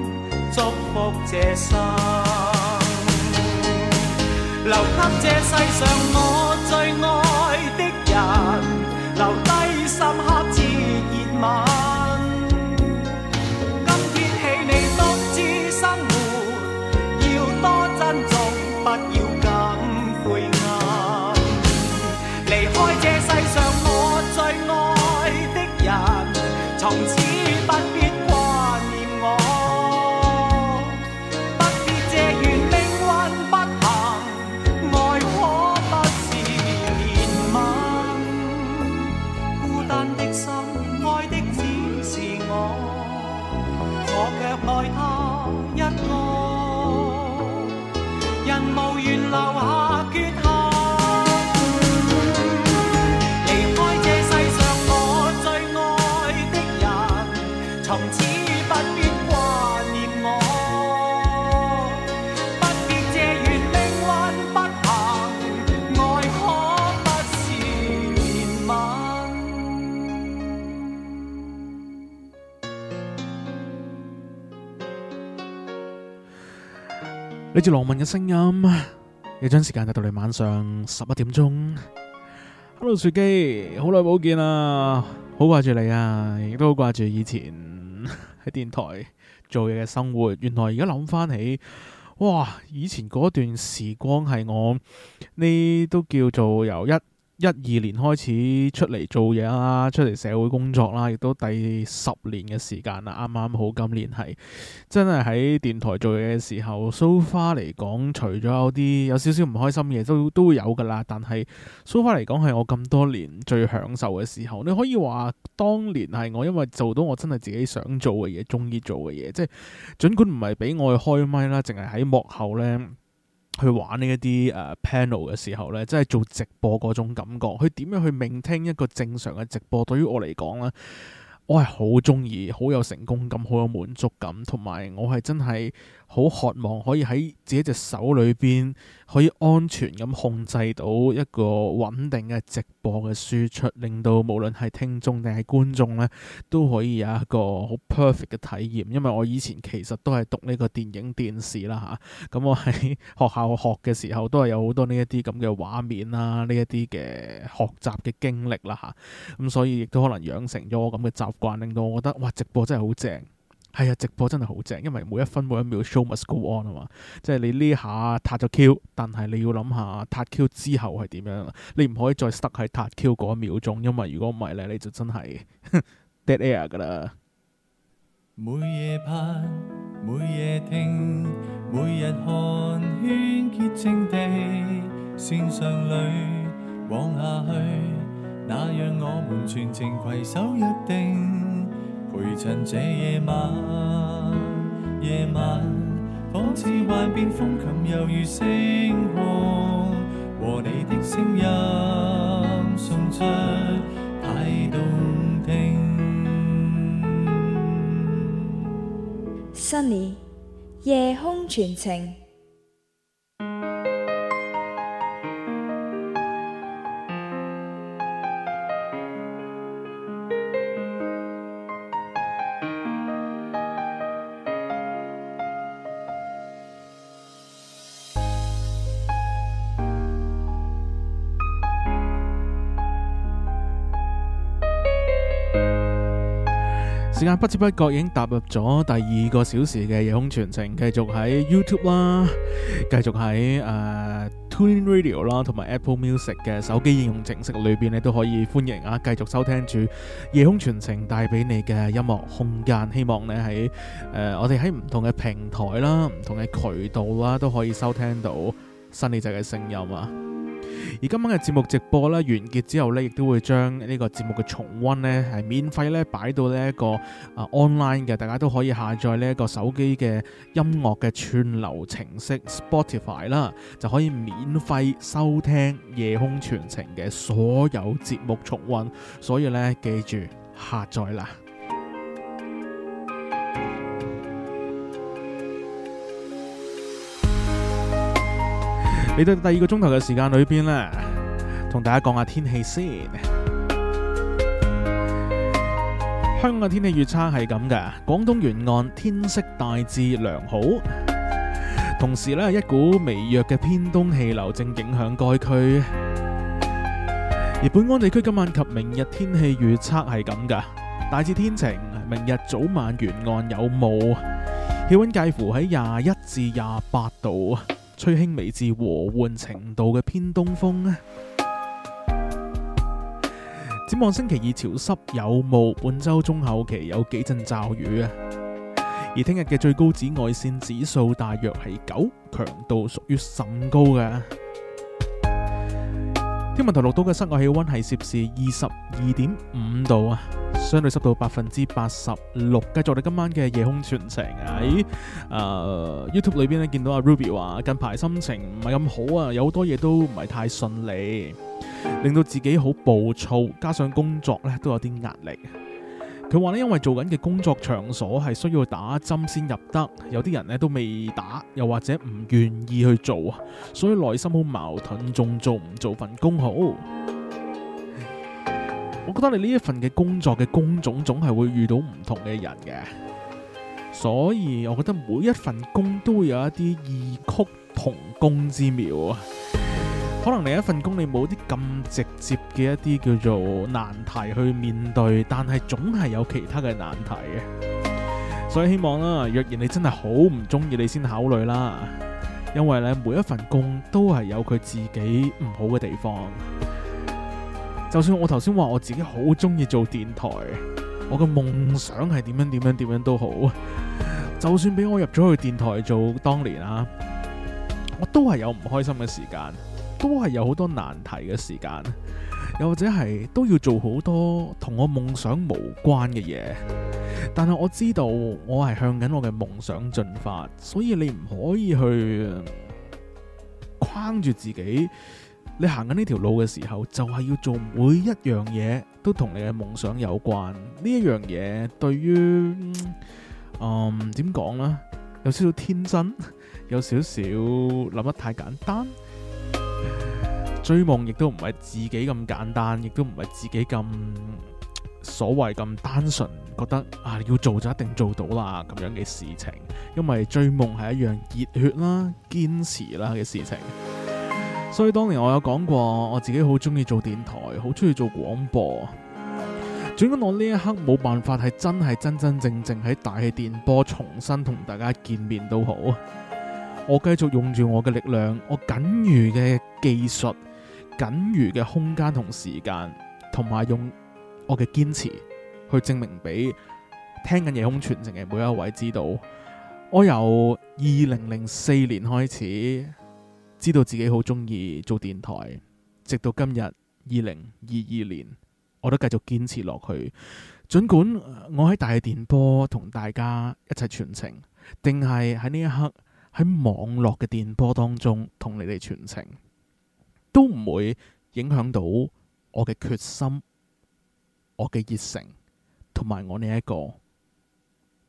祝福這生，留給這世上我最愛。你住羅文嘅聲音，又將時間就到你晚上十一點鐘。Hello 雪姬，好耐冇見啦，好掛住你啊，亦都好掛住以前喺電台做嘢嘅生活。原來而家諗翻起，哇，以前嗰段時光係我呢都叫做由一。一二年開始出嚟做嘢啦，出嚟社會工作啦，亦都第十年嘅時間啦，啱啱好今年係真係喺電台做嘢嘅時候。So far 嚟講，除咗有啲有少少唔開心嘅嘢，都都會有噶啦。但係 So far 嚟講，係、so、我咁多年最享受嘅時候。你可以話當年係我因為做到我真係自己想做嘅嘢，中意做嘅嘢，即係儘管唔係俾我去開咪啦，淨係喺幕後呢。去玩呢一啲誒 panel 嘅時候呢，即係做直播嗰種感覺，佢點樣去聆聽一個正常嘅直播？對於我嚟講呢，我係好鍾意，好有成功感，好有滿足感，同埋我係真係。好渴望可以喺自己隻手裏邊可以安全咁控制到一個穩定嘅直播嘅輸出，令到無論係聽眾定係觀眾咧，都可以有一個好 perfect 嘅體驗。因為我以前其實都係讀呢個電影電視啦嚇，咁、啊、我喺學校學嘅時候都係有好多呢一啲咁嘅畫面啦，呢一啲嘅學習嘅經歷啦嚇，咁、啊、所以亦都可能養成咗我咁嘅習慣，令到我覺得哇直播真係好正。係啊、哎，直播真係好正，因為每一分每一秒 show must go on 啊嘛，即係你呢下撻咗 Q，但係你要諗下撻 Q 之後係點樣，你唔可以再 stuck 喺撻 Q 嗰一秒鐘，因為如果唔係咧，你就真係 <laughs> dead air 㗎喇。陪襯這夜晚，夜晚仿似幻變，風琴猶如星空，和你的聲音送出太動聽。Sunny，夜空傳情。時間不知不覺已經踏入咗第二個小時嘅夜空傳情，繼續喺 YouTube 啦，繼續喺誒 TuneIn Radio 啦，同埋 Apple Music 嘅手機應用程式裏邊咧都可以歡迎啊！繼續收聽住夜空傳情帶俾你嘅音樂空間，希望你喺誒我哋喺唔同嘅平台啦、唔同嘅渠道啦，都可以收聽到 Sunny 仔嘅聲音啊！而今晚嘅節目直播咧完結之後咧，亦都會將呢個節目嘅重温咧係免費咧擺到呢、這、一個啊 online 嘅，大家都可以下載呢一個手機嘅音樂嘅串流程式 Spotify 啦，就可以免費收聽夜空傳情嘅所有節目重温。所以咧，記住下載啦。嚟到第二個鐘頭嘅時間裏邊呢，同大家講下天氣先。香港嘅天氣預測係咁嘅，廣東沿岸天色大致良好，同時呢一股微弱嘅偏東氣流正影響該區。而本港地區今晚及明日天氣預測係咁噶，大致天晴，明日早晚沿岸有霧，氣溫介乎喺廿一至廿八度。吹輕微至和緩程度嘅偏東風，展望星期二潮濕有霧，本周中後期有幾陣驟雨啊！而聽日嘅最高紫外線指數大約係九，強度屬於甚高嘅。天文台錄到嘅室外氣溫係攝氏二十二點五度啊，相對濕度百分之八十六。繼續我哋今晚嘅夜空傳情喺誒、uh. uh, YouTube 裏邊咧，見到阿 Ruby 話近排心情唔係咁好啊，有好多嘢都唔係太順利，令到自己好暴躁，加上工作咧都有啲壓力。佢話咧，因為做緊嘅工作場所係需要打針先入得，有啲人呢都未打，又或者唔願意去做啊，所以內心好矛盾，仲做唔做份工好？我覺得你呢一份嘅工作嘅工種總係會遇到唔同嘅人嘅，所以我覺得每一份工都會有一啲異曲同工之妙啊。可能另一份工你冇啲咁直接嘅一啲叫做難題去面對，但係總係有其他嘅難題嘅。所以希望啦、啊，若然你真係好唔中意，你先考慮啦。因為咧，每一份工都係有佢自己唔好嘅地方。就算我頭先話我自己好中意做電台，我嘅夢想係點樣點樣點樣都好，就算俾我入咗去電台做當年啦、啊，我都係有唔開心嘅時間。都係有好多難題嘅時間，又或者係都要做好多同我夢想無關嘅嘢。但係我知道我係向緊我嘅夢想進發，所以你唔可以去框住自己。你行緊呢條路嘅時候，就係要做每一樣嘢都同你嘅夢想有關。呢一樣嘢對於，嗯，點講呢？有少少天真，有少少諗得太簡單。追夢亦都唔係自己咁簡單，亦都唔係自己咁所謂咁單純，覺得啊要做就一定做到啦咁樣嘅事情。因為追夢係一樣熱血啦、堅持啦嘅事情。所以當年我有講過，我自己好中意做電台，好中意做廣播。盡管我呢一刻冇辦法係真係真真正正喺大氣電波重新同大家見面都好，我繼續用住我嘅力量，我僅餘嘅技術。僅餘嘅空間同時間，同埋用我嘅堅持去證明俾聽緊夜空傳情嘅每一位知道，我由二零零四年開始知道自己好鍾意做電台，直到今日二零二二年，我都繼續堅持落去。儘管我喺大電波同大家一齊傳情，定係喺呢一刻喺網絡嘅電波當中同你哋傳情，都唔會影響到我嘅決心、我嘅熱誠，同埋我呢一個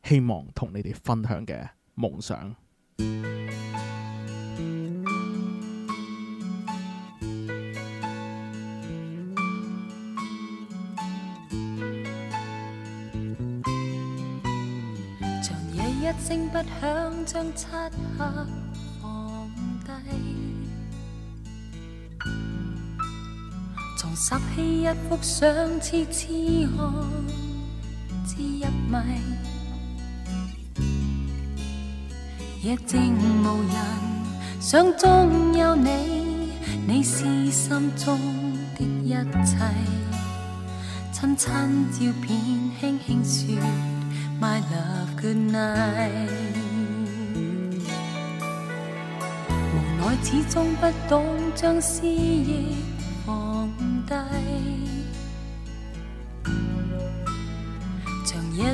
希望同你哋分享嘅夢想。長夜一聲不響，將漆黑。拾起一幅相，痴痴看，痴入迷。夜靜無人，想中有你，你是心中的一切。親親照片，輕輕說 My love, good night。無奈始終不懂將思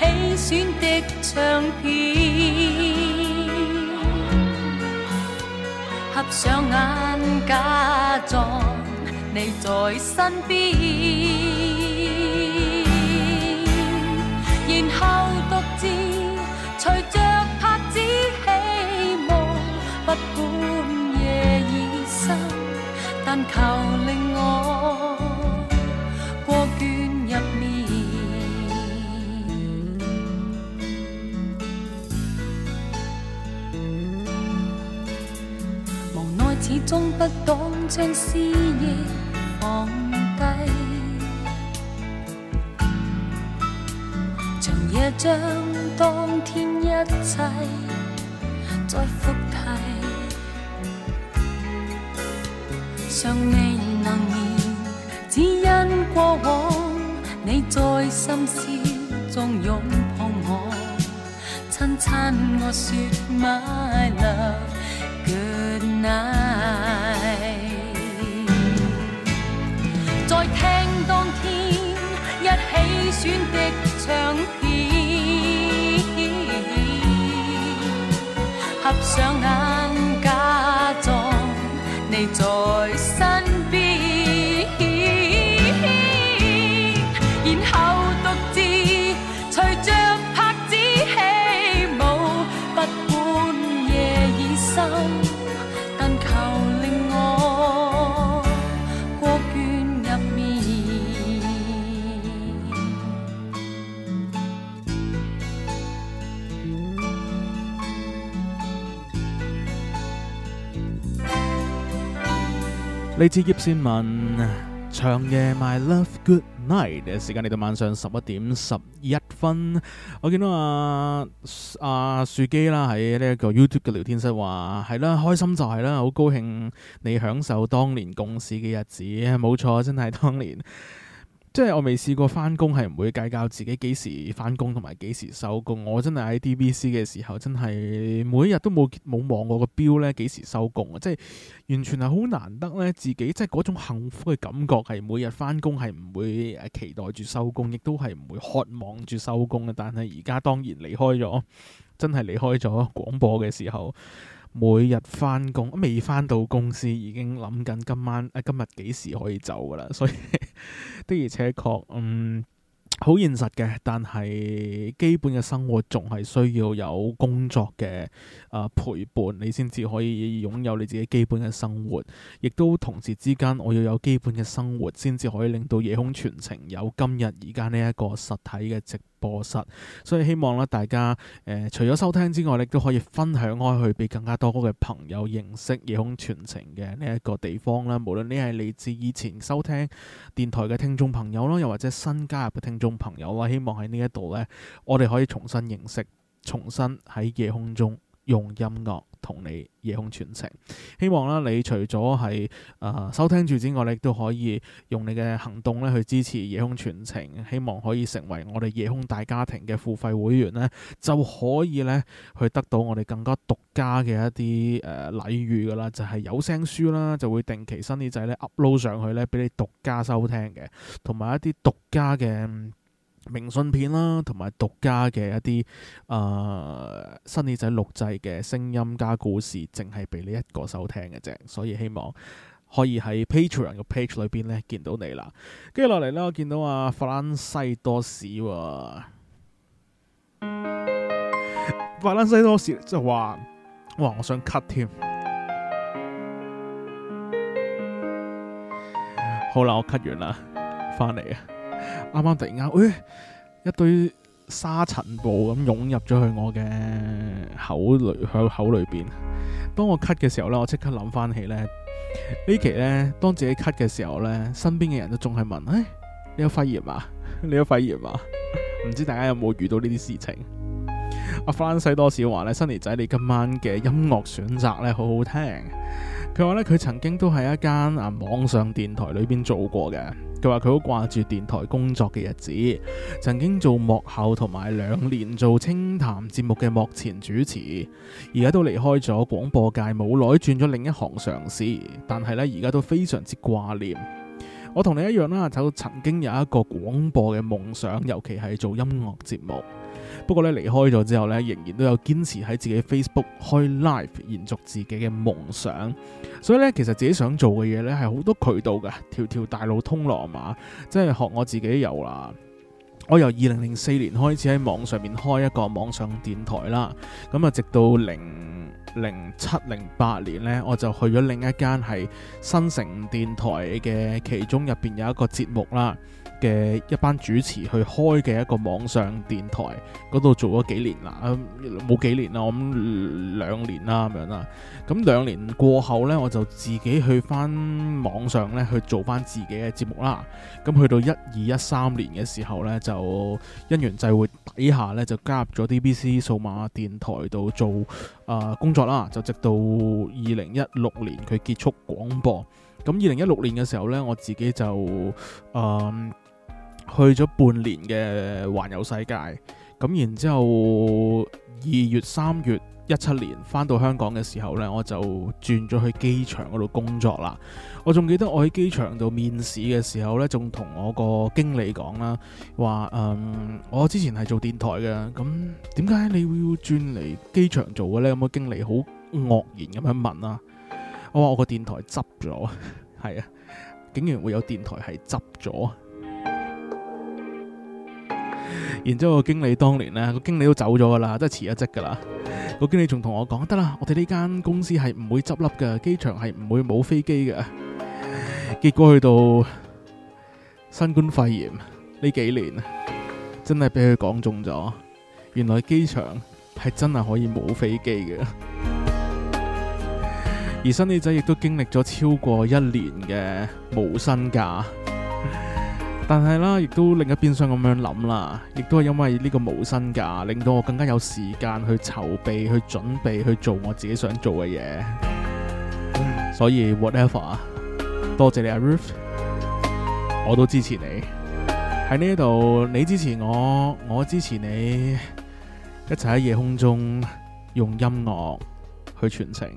起選的唱片，合上眼，假裝你在身邊。不懂將思念放低，長夜將當天一切再復提，尚未能眠，只因過往你在心思中擁抱我，親親我說 My Love。合上眼。葉倩文，長夜 my love good night。時間嚟到晚上十一點十一分，我見到阿阿樹基啦喺呢一個 YouTube 嘅聊天室話係啦，開心就係啦，好高興你享受當年共事嘅日子，冇錯，真係當年。即係我未試過翻工係唔會計較自己幾時翻工同埋幾時收工，我真係喺 DBC 嘅時候，真係每一日都冇冇望我個表咧幾時收工啊！即係完全係好難得呢。自己即係嗰種幸福嘅感覺係每日翻工係唔會期待住收工，亦都係唔會渴望住收工啊！但係而家當然離開咗，真係離開咗廣播嘅時候。每日翻工，未翻到公司已經諗緊今晚啊、呃、今日幾時可以走噶啦，所以的 <laughs> 而且確嗯好現實嘅。但係基本嘅生活仲係需要有工作嘅、呃、陪伴，你先至可以擁有你自己基本嘅生活。亦都同事之間我要有基本嘅生活，先至可以令到夜空傳情有今日而家呢一個實體嘅。直。播室，所以希望咧大家誒、呃、除咗收聽之外，你都可以分享，開去俾更加多嘅朋友認識夜空傳情嘅呢一個地方啦。無論你係嚟自以前收聽電台嘅聽眾朋友啦，又或者新加入嘅聽眾朋友啦，希望喺呢一度呢，我哋可以重新認識，重新喺夜空中。用音樂同你夜空傳情，希望啦，你除咗係誒收聽住之外，你都可以用你嘅行動咧去支持夜空傳情。希望可以成為我哋夜空大家庭嘅付費會員咧，就可以咧去得到我哋更加獨家嘅一啲誒、呃、禮遇噶啦，就係、是、有聲書啦，就會定期新啲仔咧 upload 上去咧，俾你獨家收聽嘅，同埋一啲獨家嘅明信片啦，同埋獨家嘅一啲啊、呃，新耳仔錄製嘅聲音加故事，淨係俾你一個收聽嘅啫，所以希望可以喺 Patreon 嘅 page 裏邊呢見到你啦。跟住落嚟呢，我見到啊法蘭西多士、啊， <music> 法蘭西多士就話：嘩我想 cut 添。 <music> 好啦，我 cut 完啦，翻嚟啊！啱啱突然間，誒、哎、一堆沙塵暴咁湧入咗去我嘅口裏口口裏邊。當我咳嘅時候咧，我即刻諗翻起咧呢期咧，當自己咳嘅時候咧，身邊嘅人都仲係問：誒、哎，你有肺炎嘛、啊？你有肺炎嘛、啊？唔知大家有冇遇到呢啲事情？阿 Fran 西多士話咧，Sunny 仔你今晚嘅音樂選擇咧好好聽。佢話咧，佢曾經都喺一間啊網上電台裏邊做過嘅。佢話：佢好掛住電台工作嘅日子，曾經做幕後同埋兩年做清談節目嘅幕前主持，而家都離開咗廣播界，冇耐轉咗另一行嘗試，但係呢，而家都非常之掛念。我同你一樣啦，就曾經有一個廣播嘅夢想，尤其係做音樂節目。不過咧離開咗之後咧，仍然都有堅持喺自己 Facebook 開 live，延續自己嘅夢想。所以咧，其實自己想做嘅嘢咧係好多渠道㗎，條條大路通羅馬。即係學我自己有啦，我由二零零四年開始喺網上面開一個網上電台啦。咁啊，直到零零七零八年呢，我就去咗另一間係新城電台嘅其中入邊有一個節目啦。嘅一班主持去開嘅一個網上電台嗰度做咗幾年啦，冇幾年啦，我諗、嗯、兩年啦咁樣啦。咁兩年過後呢，我就自己去翻網上呢去做翻自己嘅節目啦。咁去到一二一三年嘅時候呢，就因緣際會底下呢就加入咗 DBC 數碼電台度做啊、呃、工作啦。就直到二零一六年佢結束廣播。咁二零一六年嘅時候呢，我自己就啊～、呃去咗半年嘅環遊世界，咁然之後二月三月一七年翻到香港嘅時候呢，我就轉咗去機場嗰度工作啦。我仲記得我喺機場度面試嘅時候呢，仲同我個經理講啦，話：嗯，我之前係做電台嘅，咁點解你會要轉嚟機場做嘅呢？咁個經理好愕然咁樣問啊。我話我個電台執咗，係 <laughs> 啊，竟然會有電台係執咗。然之後個經理當年呢個經理都走咗噶啦，即係辭咗職噶啦。個經理仲同我講得啦，我哋呢間公司係唔會執笠嘅，機場係唔會冇飛機嘅。結果去到新冠肺炎呢幾年，真係俾佢講中咗。原來機場係真係可以冇飛機嘅。而 Sunny 仔亦都經歷咗超過一年嘅冇薪假。但係啦，亦都另一邊廂咁樣諗啦，亦都係因為呢個無薪假，令到我更加有時間去籌備、去準備、去做我自己想做嘅嘢。 <noise> 所以 whatever，多謝你阿 Ruth，我都支持你喺呢度，你支持我，我支持你，一齊喺夜空中用音樂去傳情。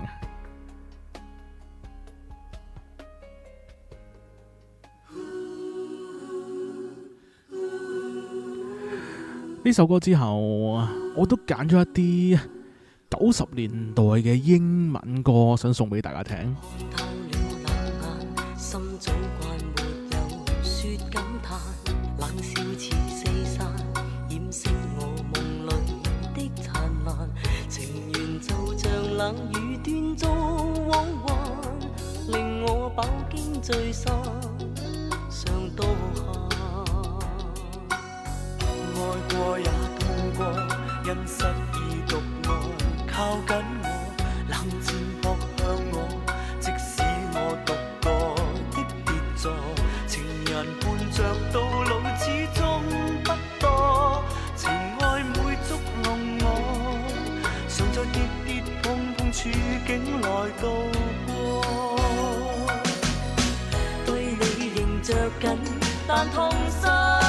呢首歌之後，啊我都揀咗一啲九十年代嘅英文歌，想送俾大家聽。 <music> 愛過也痛過，因失意獨愛靠緊我，冷箭撲向我，即使我獨個的跌坐，情人伴着到老始終不多，情愛每捉弄我，常在跌跌碰碰處境來渡過，對你仍着緊，但痛心。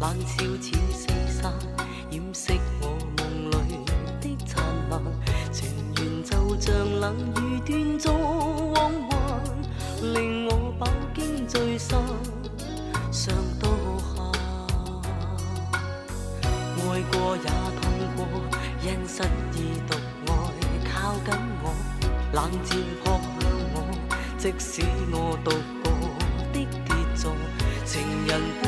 冷笑似四散，掩飾我夢裏的燦爛情緣，就像冷雨斷續往還，令我飽經醉心傷多下。愛過也痛過，因失意獨愛靠緊我，冷戰撲向我，即使我獨個的跌坐，情人。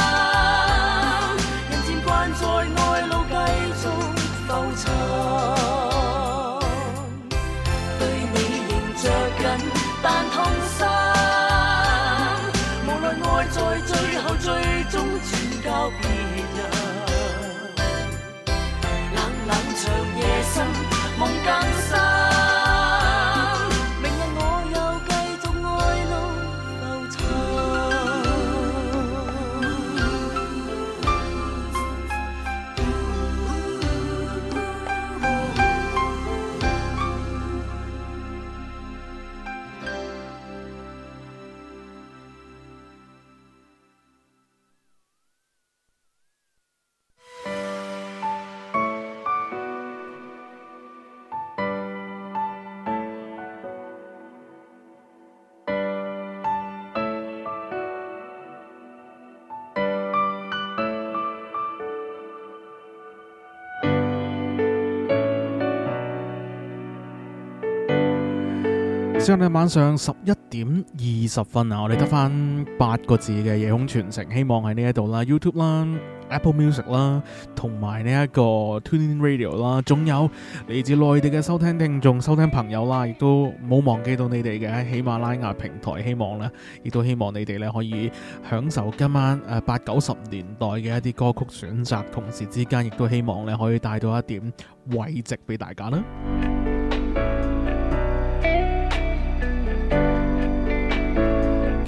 今日晚上十一點二十分啊，我哋得返八個字嘅《夜空傳情》，希望喺呢一度啦，YouTube 啦、Apple Music 啦，同埋呢一個 TuneIn Radio 啦，仲有嚟自內地嘅收聽聽眾、收聽朋友啦，亦都冇忘記到你哋嘅喜馬拉雅平台，希望呢，亦都希望你哋呢可以享受今晚誒八九十年代嘅一啲歌曲選擇，同時之間亦都希望你可以帶到一點慰藉俾大家啦。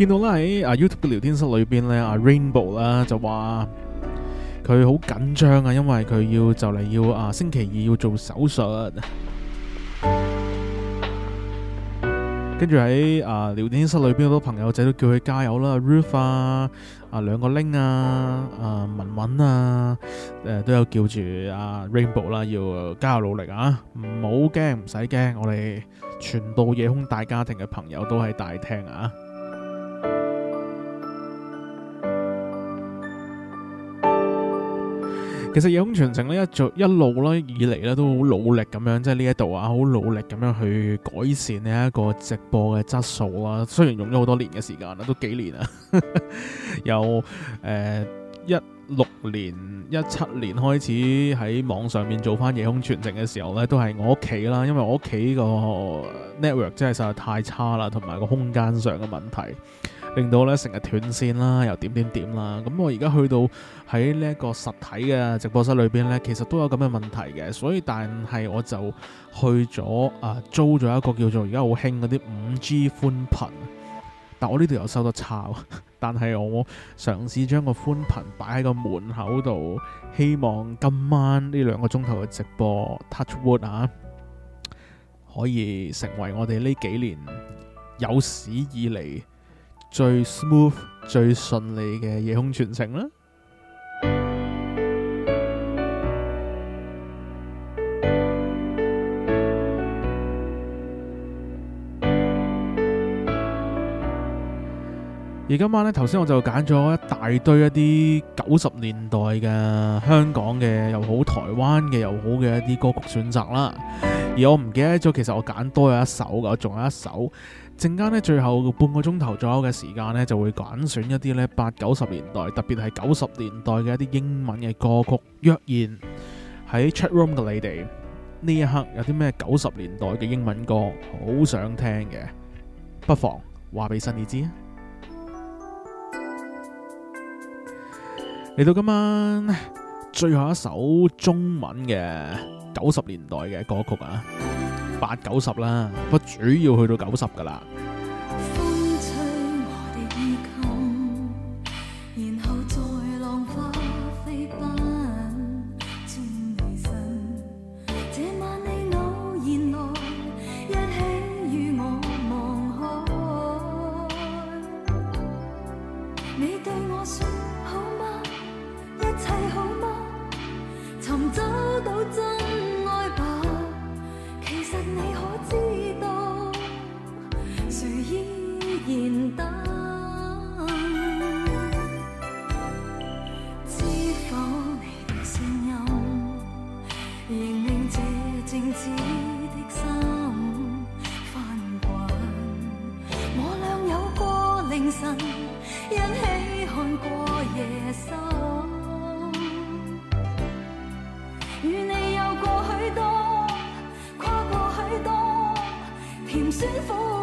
見到啦喺啊 YouTube 嘅聊天室裏邊咧，啊 Rainbow 啦就話佢好緊張啊，因為佢要就嚟要啊星期二要做手術，跟住喺啊聊天室裏邊好多朋友仔都叫佢加油啦，Rufa 啊，兩個 ling 啊，啊文文啊，誒都有叫住啊 Rainbow 啦，要加油努力啊，唔好驚，唔使驚，我哋全部夜空大家庭嘅朋友都喺大廳啊。其實夜空傳情咧一做一路咧以嚟，咧都好努力咁樣，即係呢一度啊，好努力咁樣去改善呢一個直播嘅質素啦。雖然用咗好多年嘅時間啦，都幾年啦， <laughs> 由誒一六年一七年開始喺網上面做翻夜空傳情嘅時候咧，都係我屋企啦，因為我屋企個 network 真係實在太差啦，同埋個空間上嘅問題。令到咧成日斷線啦，又點點點啦，咁、嗯、我而家去到喺呢一個實體嘅直播室裏邊呢，其實都有咁嘅問題嘅，所以但係我就去咗啊租咗一個叫做而家好興嗰啲五 G 寬頻，但我呢度又收得差喎。但係我嘗試將個寬頻擺喺個門口度，希望今晚呢兩個鐘頭嘅直播 Touch Wood 啊，可以成為我哋呢幾年有史以嚟，最 smooth、最順利嘅夜空全程夜空傳情啦！而今晚呢，頭先我就揀咗一大堆一啲九十年代嘅香港嘅又好、台灣嘅又好嘅一啲歌曲選擇啦。而我唔記得咗，其實我揀多有一首㗎，仲有一首。陣間咧，最後半個鐘頭左右嘅時間咧，就會揀選一啲咧八九十年代，特別係九十年代嘅一啲英文嘅歌曲。若然喺 Chatroom 嘅你哋呢一刻有啲咩九十年代嘅英文歌好想聽嘅，不妨話俾 Sunny 知啊！嚟到今晚最後一首中文嘅九十年代嘅歌曲啊！八九十啦，不主要去到九十噶啦。等，知 <noise> 否樂你的聲音，仍令這靜止的心翻滾。 <music> 我倆有過凌晨，一起看過夜深，與你有過許多，跨過許多甜酸苦。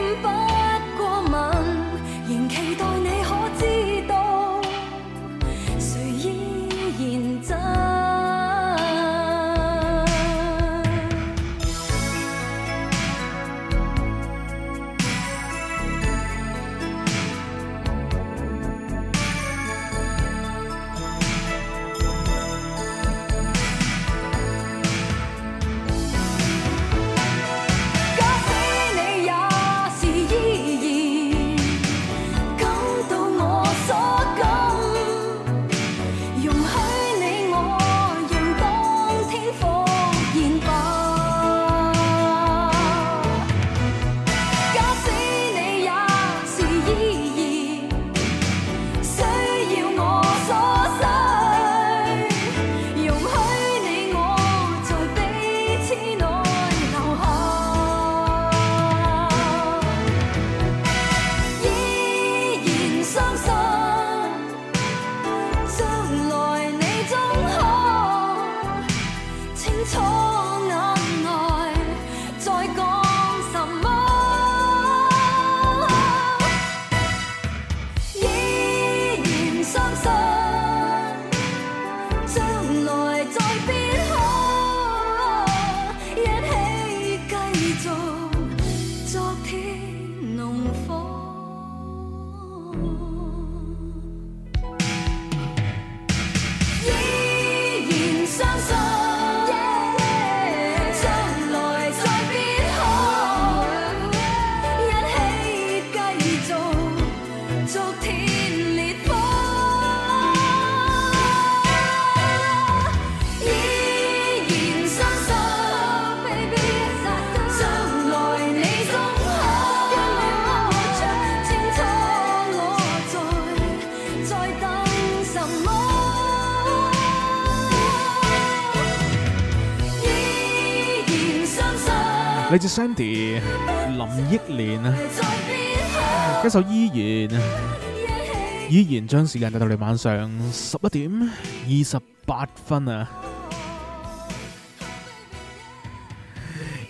接 Sandy 林憶蓮啊，一首依然，依然將時間帶到嚟晚上十一點二十八分啊！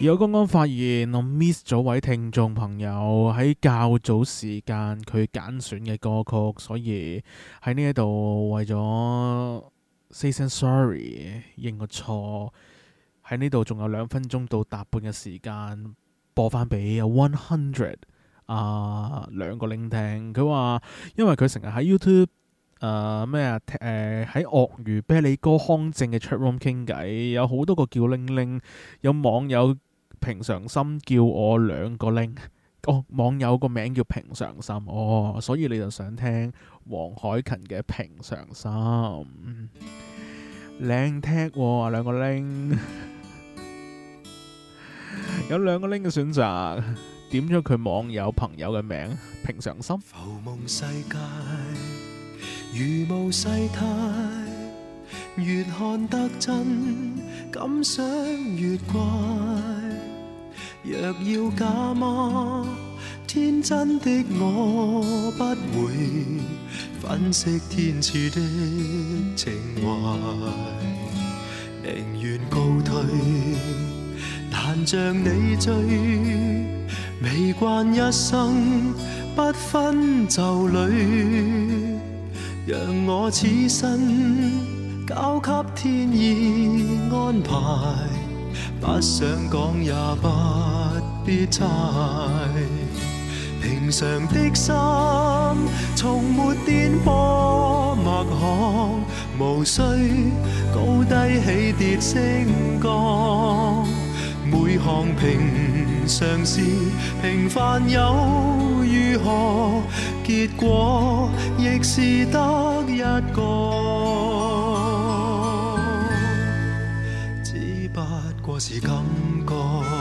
而我剛剛發現我 miss 咗位聽眾朋友喺較早時間佢揀選嘅歌曲，所以喺呢一度為咗 say 聲 sorry，認個錯。喺呢度仲有兩分鐘到達半嘅時間播翻俾 One Hundred 啊兩個鈴聽，佢話因為佢成日喺 YouTube 啊咩啊誒喺鱷魚啤梨哥康正嘅 chat room 傾偈，有好多個叫鈴鈴，有網友平常心叫我兩個鈴，哦網友個名叫平常心，哦所以你就想聽黃凱芹嘅平常心，靚聽喎兩個鈴。 <laughs> 有兩個拎嘅選擇，點咗佢網友朋友嘅名，平常心。浮夢世界，如霧世態越看得真，感想越怪。若要假嗎天真的我不會分析天賜的情懷，寧願告退。但像你醉未慣一生不分就裡，讓我此生交給天意安排，不想講也不必猜。平常的心從沒顛簸脈動，可無需高低起跌升降。每項平常事，平凡又如何？結果亦是得一個，只不過是感覺。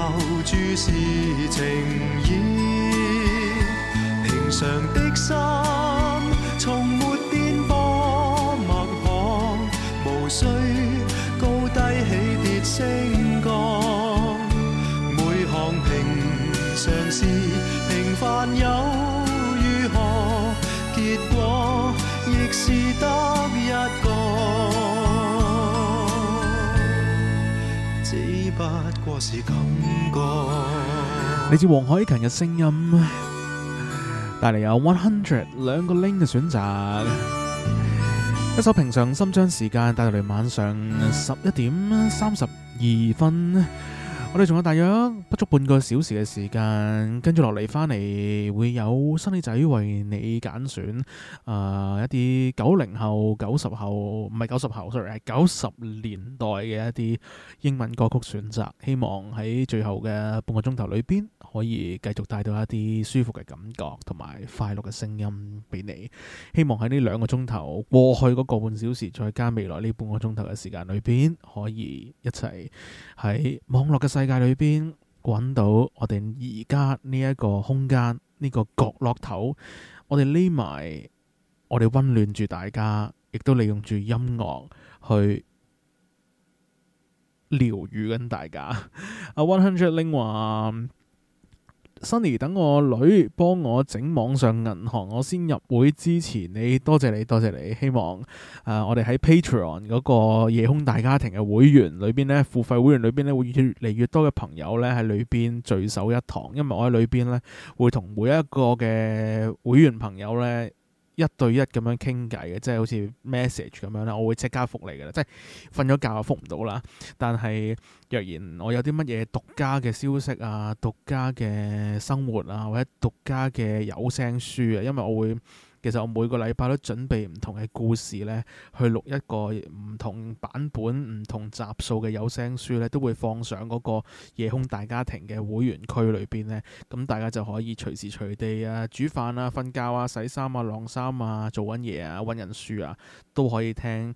留住是情意，平常的心。 <music> 來自黃凱芹嘅聲音，帶嚟有 One Hundred 兩個 link 嘅選擇，一首平常心將時間帶嚟晚上十一點三十二分。我哋仲有大約不足半個小時嘅時間，跟住落嚟返嚟，會有新女仔為你揀選，誒、呃、一啲九零後、九十後，唔係九十後，sorry，九十年代嘅一啲英文歌曲選擇，希望喺最後嘅半個鐘頭裏邊。可以繼續帶到一啲舒服嘅感覺，同埋快樂嘅聲音俾你。希望喺呢兩個鐘頭過去嗰個半小時，再加未來呢半個鐘頭嘅時間裏邊，可以一齊喺網絡嘅世界裏邊揾到我哋而家呢一個空間呢、呢個角落頭。我哋匿埋，我哋溫暖住大家，亦都利用住音樂去療愈緊大家。阿 One Hundred Ling 話 Sunny，等我女幫我整網上銀行，我先入會支持你。多謝你，多謝你。希望誒、呃，我哋喺 Patreon 嗰個夜空大家庭嘅會員裏邊呢，付費會員裏邊呢，會越嚟越多嘅朋友呢喺裏邊聚首一堂，因為我喺裏邊呢，會同每一個嘅會員朋友呢。一對一咁樣傾偈嘅，即係好似 message 咁樣啦。我會即刻覆你嘅喇。即係瞓咗覺就覆唔到喇。但係若然我有啲乜嘢獨家嘅消息啊、獨家嘅生活啊，或者獨家嘅有聲書啊，因為我會。其實我每個禮拜都準備唔同嘅故事呢，去錄一個唔同版本、唔同集數嘅有聲書呢，都會放上嗰個夜空大家庭嘅會員區裏邊，呢咁大家就可以隨時隨地啊，煮飯啊、瞓覺啊、洗衫啊、晾衫啊、做緊嘢啊、溫人書啊，都可以聽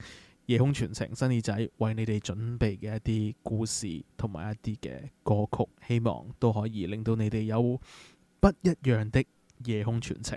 夜空傳情。新耳仔為你哋準備嘅一啲故事同埋一啲嘅歌曲，希望都可以令到你哋有不一樣的夜空傳情。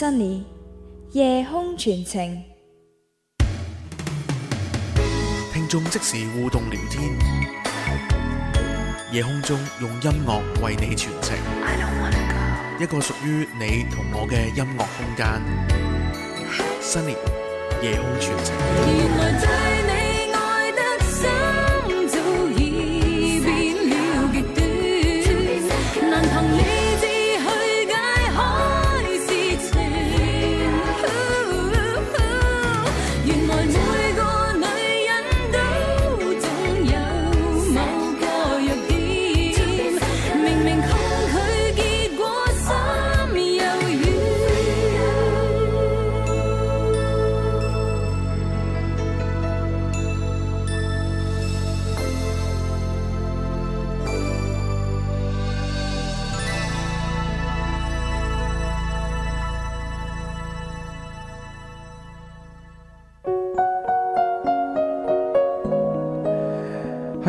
Sunny 夜空傳情，聽眾即時互動聊天，夜空中用音樂為你傳情，一個屬於你同我嘅音樂空間。Sunny 夜空傳情。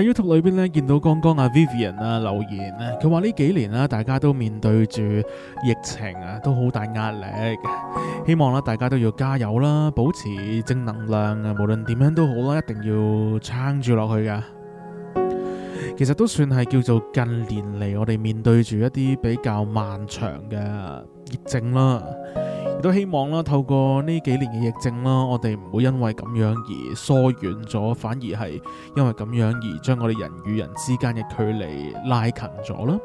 喺 YouTube 裏邊呢，見到剛剛阿 Vivian 啊留言啊，佢話呢幾年啦，大家都面對住疫情啊，都好大壓力。希望啦，大家都要加油啦，保持正能量啊，無論點樣都好啦，一定要撐住落去㗎。其實都算係叫做近年嚟，我哋面對住一啲比較漫長嘅疫症啦。都希望啦，透過呢幾年嘅疫症啦，我哋唔會因為咁樣而疏遠咗，反而係因為咁樣而將我哋人與人之間嘅距離拉近咗啦。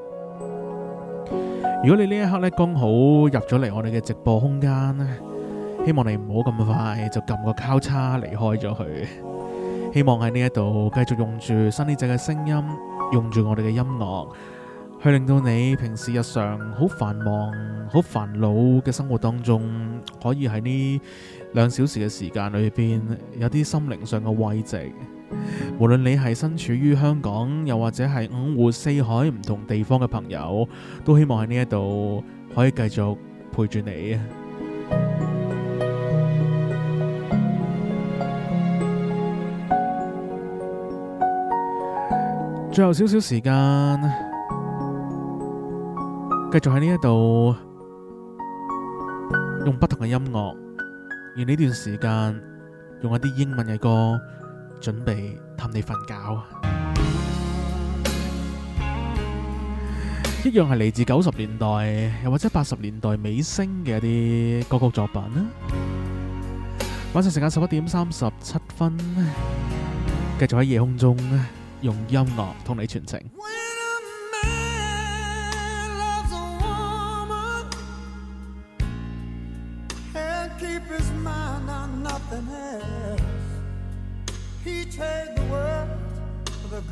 如果你呢一刻咧，剛好入咗嚟我哋嘅直播空間咧，希望你唔好咁快就撳個交叉離開咗佢。希望喺呢一度繼續用住 Sunny 呢隻嘅聲音，用住我哋嘅音樂。去令到你平時日常好繁忙、好煩惱嘅生活當中，可以喺呢兩小時嘅時間裏邊，有啲心靈上嘅慰藉。無論你係身處於香港，又或者係五湖四海唔同地方嘅朋友，都希望喺呢一度可以繼續陪住你。 <music> 最後少少時間。繼續喺呢一度用不同嘅音樂，而呢段時間用一啲英文嘅歌準備氹你瞓覺，一樣係嚟自九十年代又或者八十年代尾聲嘅一啲歌曲作品啦。晚上時間十一點三十七分，繼續喺夜空中用音樂同你傳情。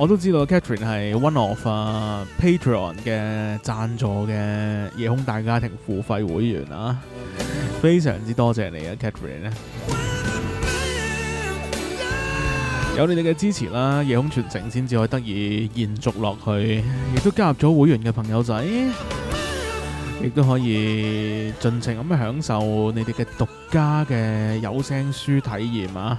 我都知道，Catherine 係 One of 啊 Patreon 嘅贊助嘅夜空大家庭付費會員啊，非常之多謝你啊，Catherine 咧！有你哋嘅支持啦、啊，夜空全程先至可以得以延續落去，亦都加入咗會員嘅朋友仔，亦都可以盡情咁享受你哋嘅獨家嘅有聲書體驗啊！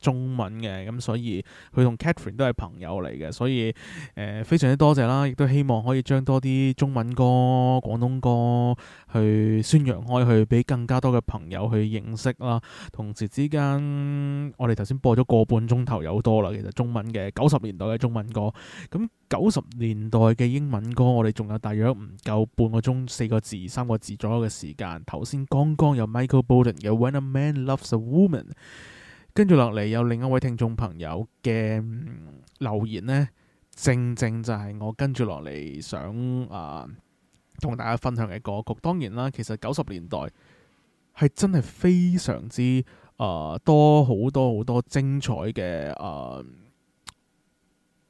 中文嘅，咁所以佢同 Catherine 都係朋友嚟嘅，所以誒、呃、非常之多謝啦，亦都希望可以將多啲中文歌、廣東歌去宣揚開去，去俾更加多嘅朋友去認識啦。同時之間，我哋頭先播咗個半鐘頭有多啦，其實中文嘅九十年代嘅中文歌，咁九十年代嘅英文歌，我哋仲有大約唔夠半個鐘，四個字、三個字左右嘅時間。頭先剛剛有 Michael Bolton 嘅 When a Man Loves a Woman。跟住落嚟有另一位聽眾朋友嘅留言呢，正正就係我跟住落嚟想啊，同、呃、大家分享嘅歌曲。當然啦，其實九十年代係真係非常之啊、呃、多好多好多精彩嘅啊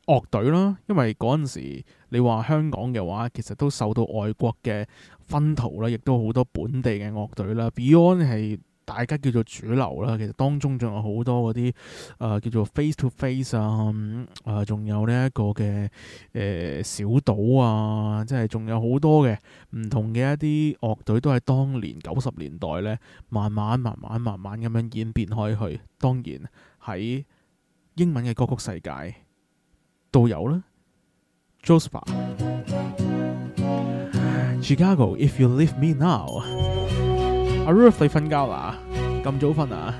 樂隊啦，因為嗰陣時你話香港嘅話，其實都受到外國嘅熏陶啦，亦都好多本地嘅樂隊啦，Beyond 係。大家叫做主流啦，其實當中仲有好多嗰啲誒叫做 Face to Face 啊，誒、嗯、仲、呃、有呢一個嘅誒、呃、小島啊，即係仲有好多嘅唔同嘅一啲樂隊都係當年九十年代呢，慢慢慢慢慢慢咁樣演變開去。當然喺英文嘅歌曲世界都有啦。j o s p e a Chicago, If You Leave Me Now. 阿 Ruth 你瞓覺啦，咁早瞓啊！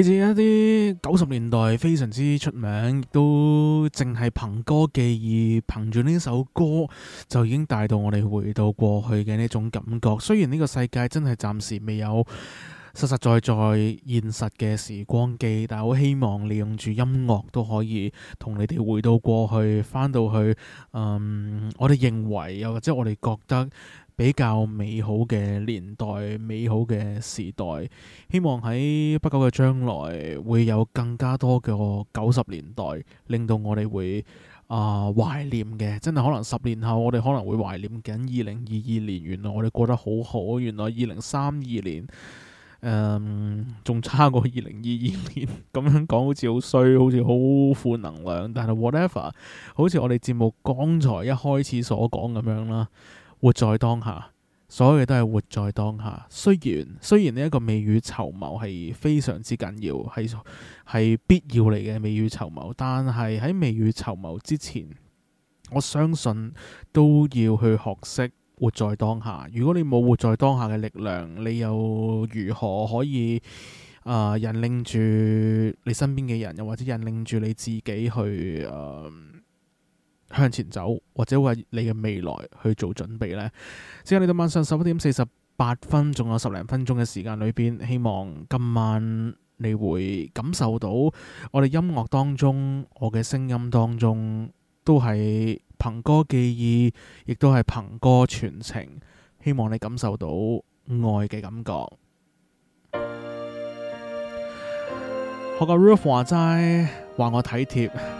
以至一啲九十年代非常之出名，亦都淨係憑歌記憶，憑住呢首歌就已經帶到我哋回到過去嘅呢種感覺。雖然呢個世界真係暫時未有實實在在現實嘅時光機，但係好希望利用住音樂都可以同你哋回到過去，翻到去。嗯，我哋認為又或者我哋覺得。比較美好嘅年代，美好嘅時代，希望喺不久嘅將來會有更加多嘅九十年代，令到我哋會啊、呃、懷念嘅。真係可能十年後，我哋可能會懷念緊二零二二年，原來我哋過得好好，原來二零三二年，仲、嗯、差過二零二二年。咁 <laughs> 樣講好似好衰，好似好負能量。但係 whatever，好似我哋節目剛才一開始所講咁樣啦。活在當下，所有嘢都係活在當下。雖然雖然呢一個未雨綢繆係非常之緊要，係係必要嚟嘅未雨綢繆，但係喺未雨綢繆之前，我相信都要去學識活在當下。如果你冇活在當下嘅力量，你又如何可以啊、呃、引領住你身邊嘅人，又或者引領住你自己去啊，呃向前走，或者為你嘅未來去做準備呢，只係你到晚上十一點四十八分，仲有十零分鐘嘅時間裏邊，希望今晚你會感受到我哋音樂當中，我嘅聲音當中，都係憑歌記憶，亦都係憑歌傳情。希望你感受到愛嘅感覺。學個 roof 話齋，話 <music> 我體貼。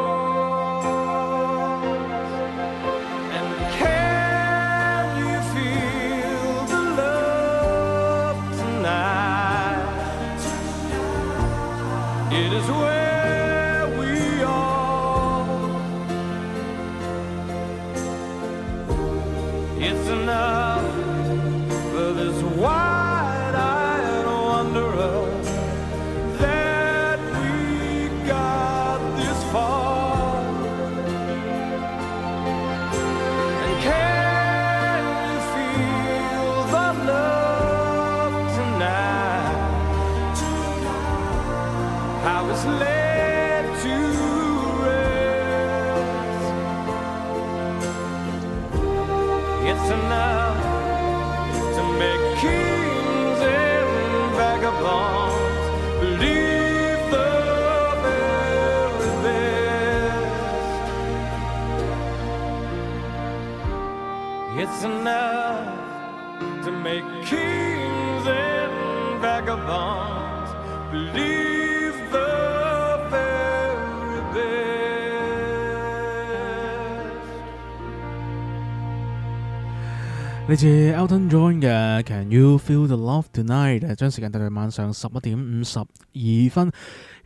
嚟自 Elton John 嘅 Can You Feel The Love Tonight，將時間定到晚上十一點五十二分，亦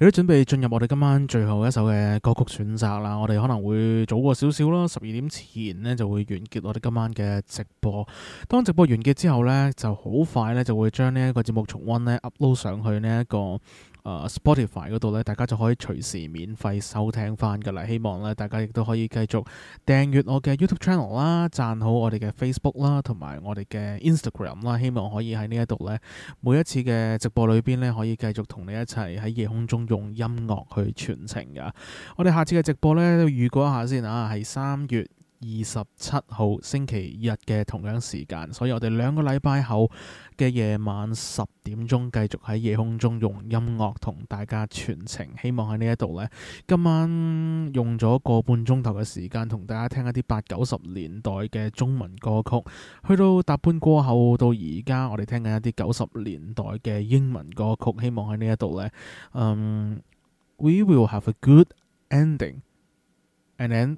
都準備進入我哋今晚最後一首嘅歌曲選擇啦。我哋可能會早過少少啦，十二點前咧就會完結我哋今晚嘅直播。當直播完結之後呢，就好快呢就會將呢一個節目重溫呢 upload 上去呢、這、一個。誒、uh, Spotify 嗰度呢，大家就可以隨時免費收聽翻㗎啦。希望呢，大家亦都可以繼續訂閱我嘅 YouTube channel 啦，讚好我哋嘅 Facebook 啦，同埋我哋嘅 Instagram 啦。希望可以喺呢一度呢，每一次嘅直播裏邊呢，可以繼續同你一齊喺夜空中用音樂去傳情㗎。我哋下次嘅直播呢，預告一下先啊，係三月二十七號星期日嘅同樣時間，所以我哋兩個禮拜後嘅夜晚十點鐘繼續喺夜空中用音樂同大家傳情。希望喺呢一度呢，今晚用咗個半鐘頭嘅時間同大家聽一啲八九十年代嘅中文歌曲，去到踏半過後到而家，我哋聽緊一啲九十年代嘅英文歌曲。希望喺呢一度呢嗯，we will have a good ending，and then。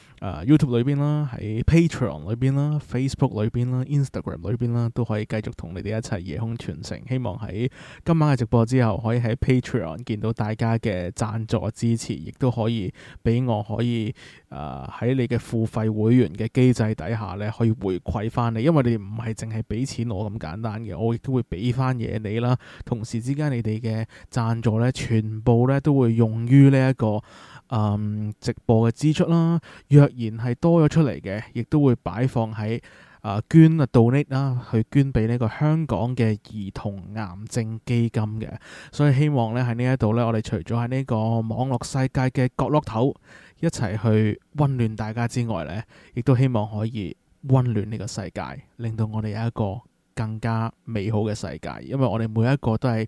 YouTube 裏邊啦，喺 Patreon 裏邊啦，Facebook 裏邊啦，Instagram 裏邊啦，都可以繼續同你哋一齊夜空傳情。希望喺今晚嘅直播之後，可以喺 Patreon 見到大家嘅贊助支持，亦都可以俾我可以誒喺、呃、你嘅付費會員嘅機制底下咧，可以回饋翻你。因為你唔係淨係俾錢我咁簡單嘅，我亦都會俾翻嘢你啦。同時之間，你哋嘅贊助咧，全部咧都會用於呢一個。誒、um, 直播嘅支出啦，若然係多咗出嚟嘅，亦都會擺放喺誒、呃、捐啊 donate 啦，去捐俾呢個香港嘅兒童癌症基金嘅。所以希望呢喺呢一度呢，我哋除咗喺呢個網絡世界嘅角落頭一齊去溫暖大家之外呢，亦都希望可以溫暖呢個世界，令到我哋有一個更加美好嘅世界。因為我哋每一個都係。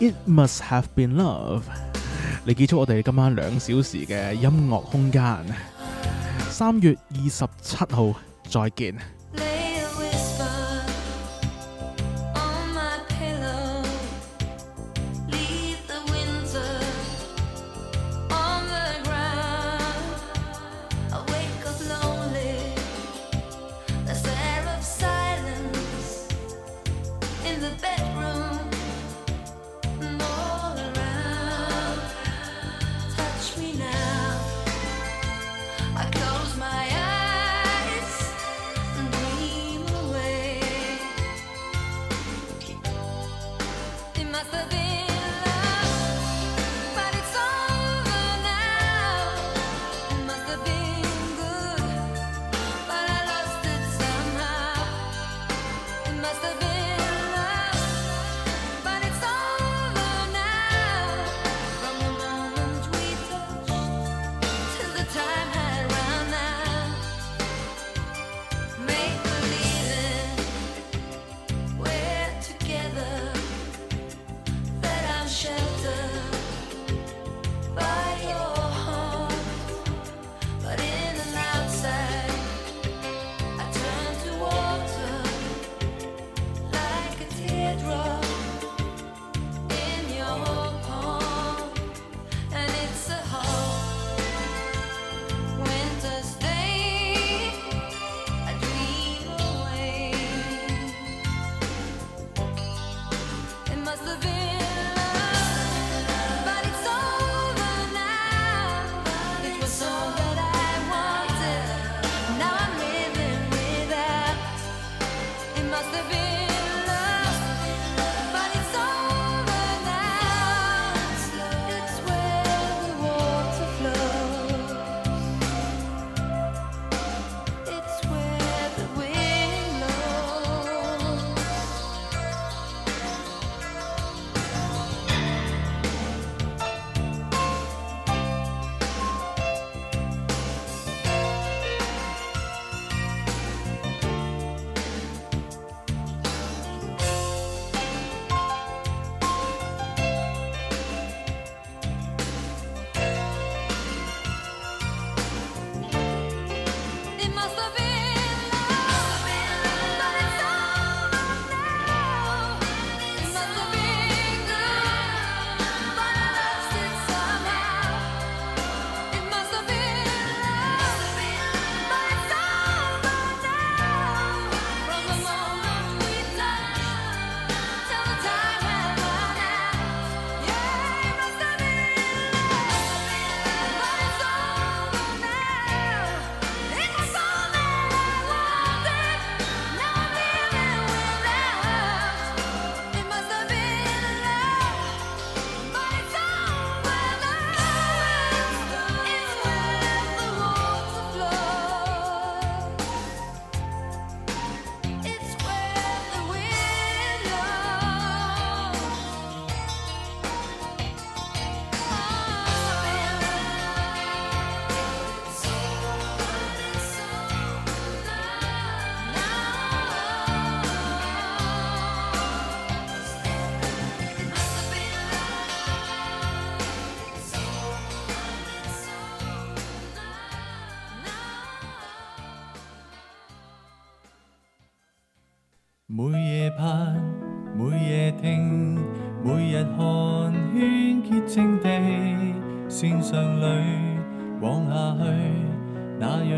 It must have been love，嚟結束我哋今晚兩小時嘅音樂空間。三月二十七號，再見。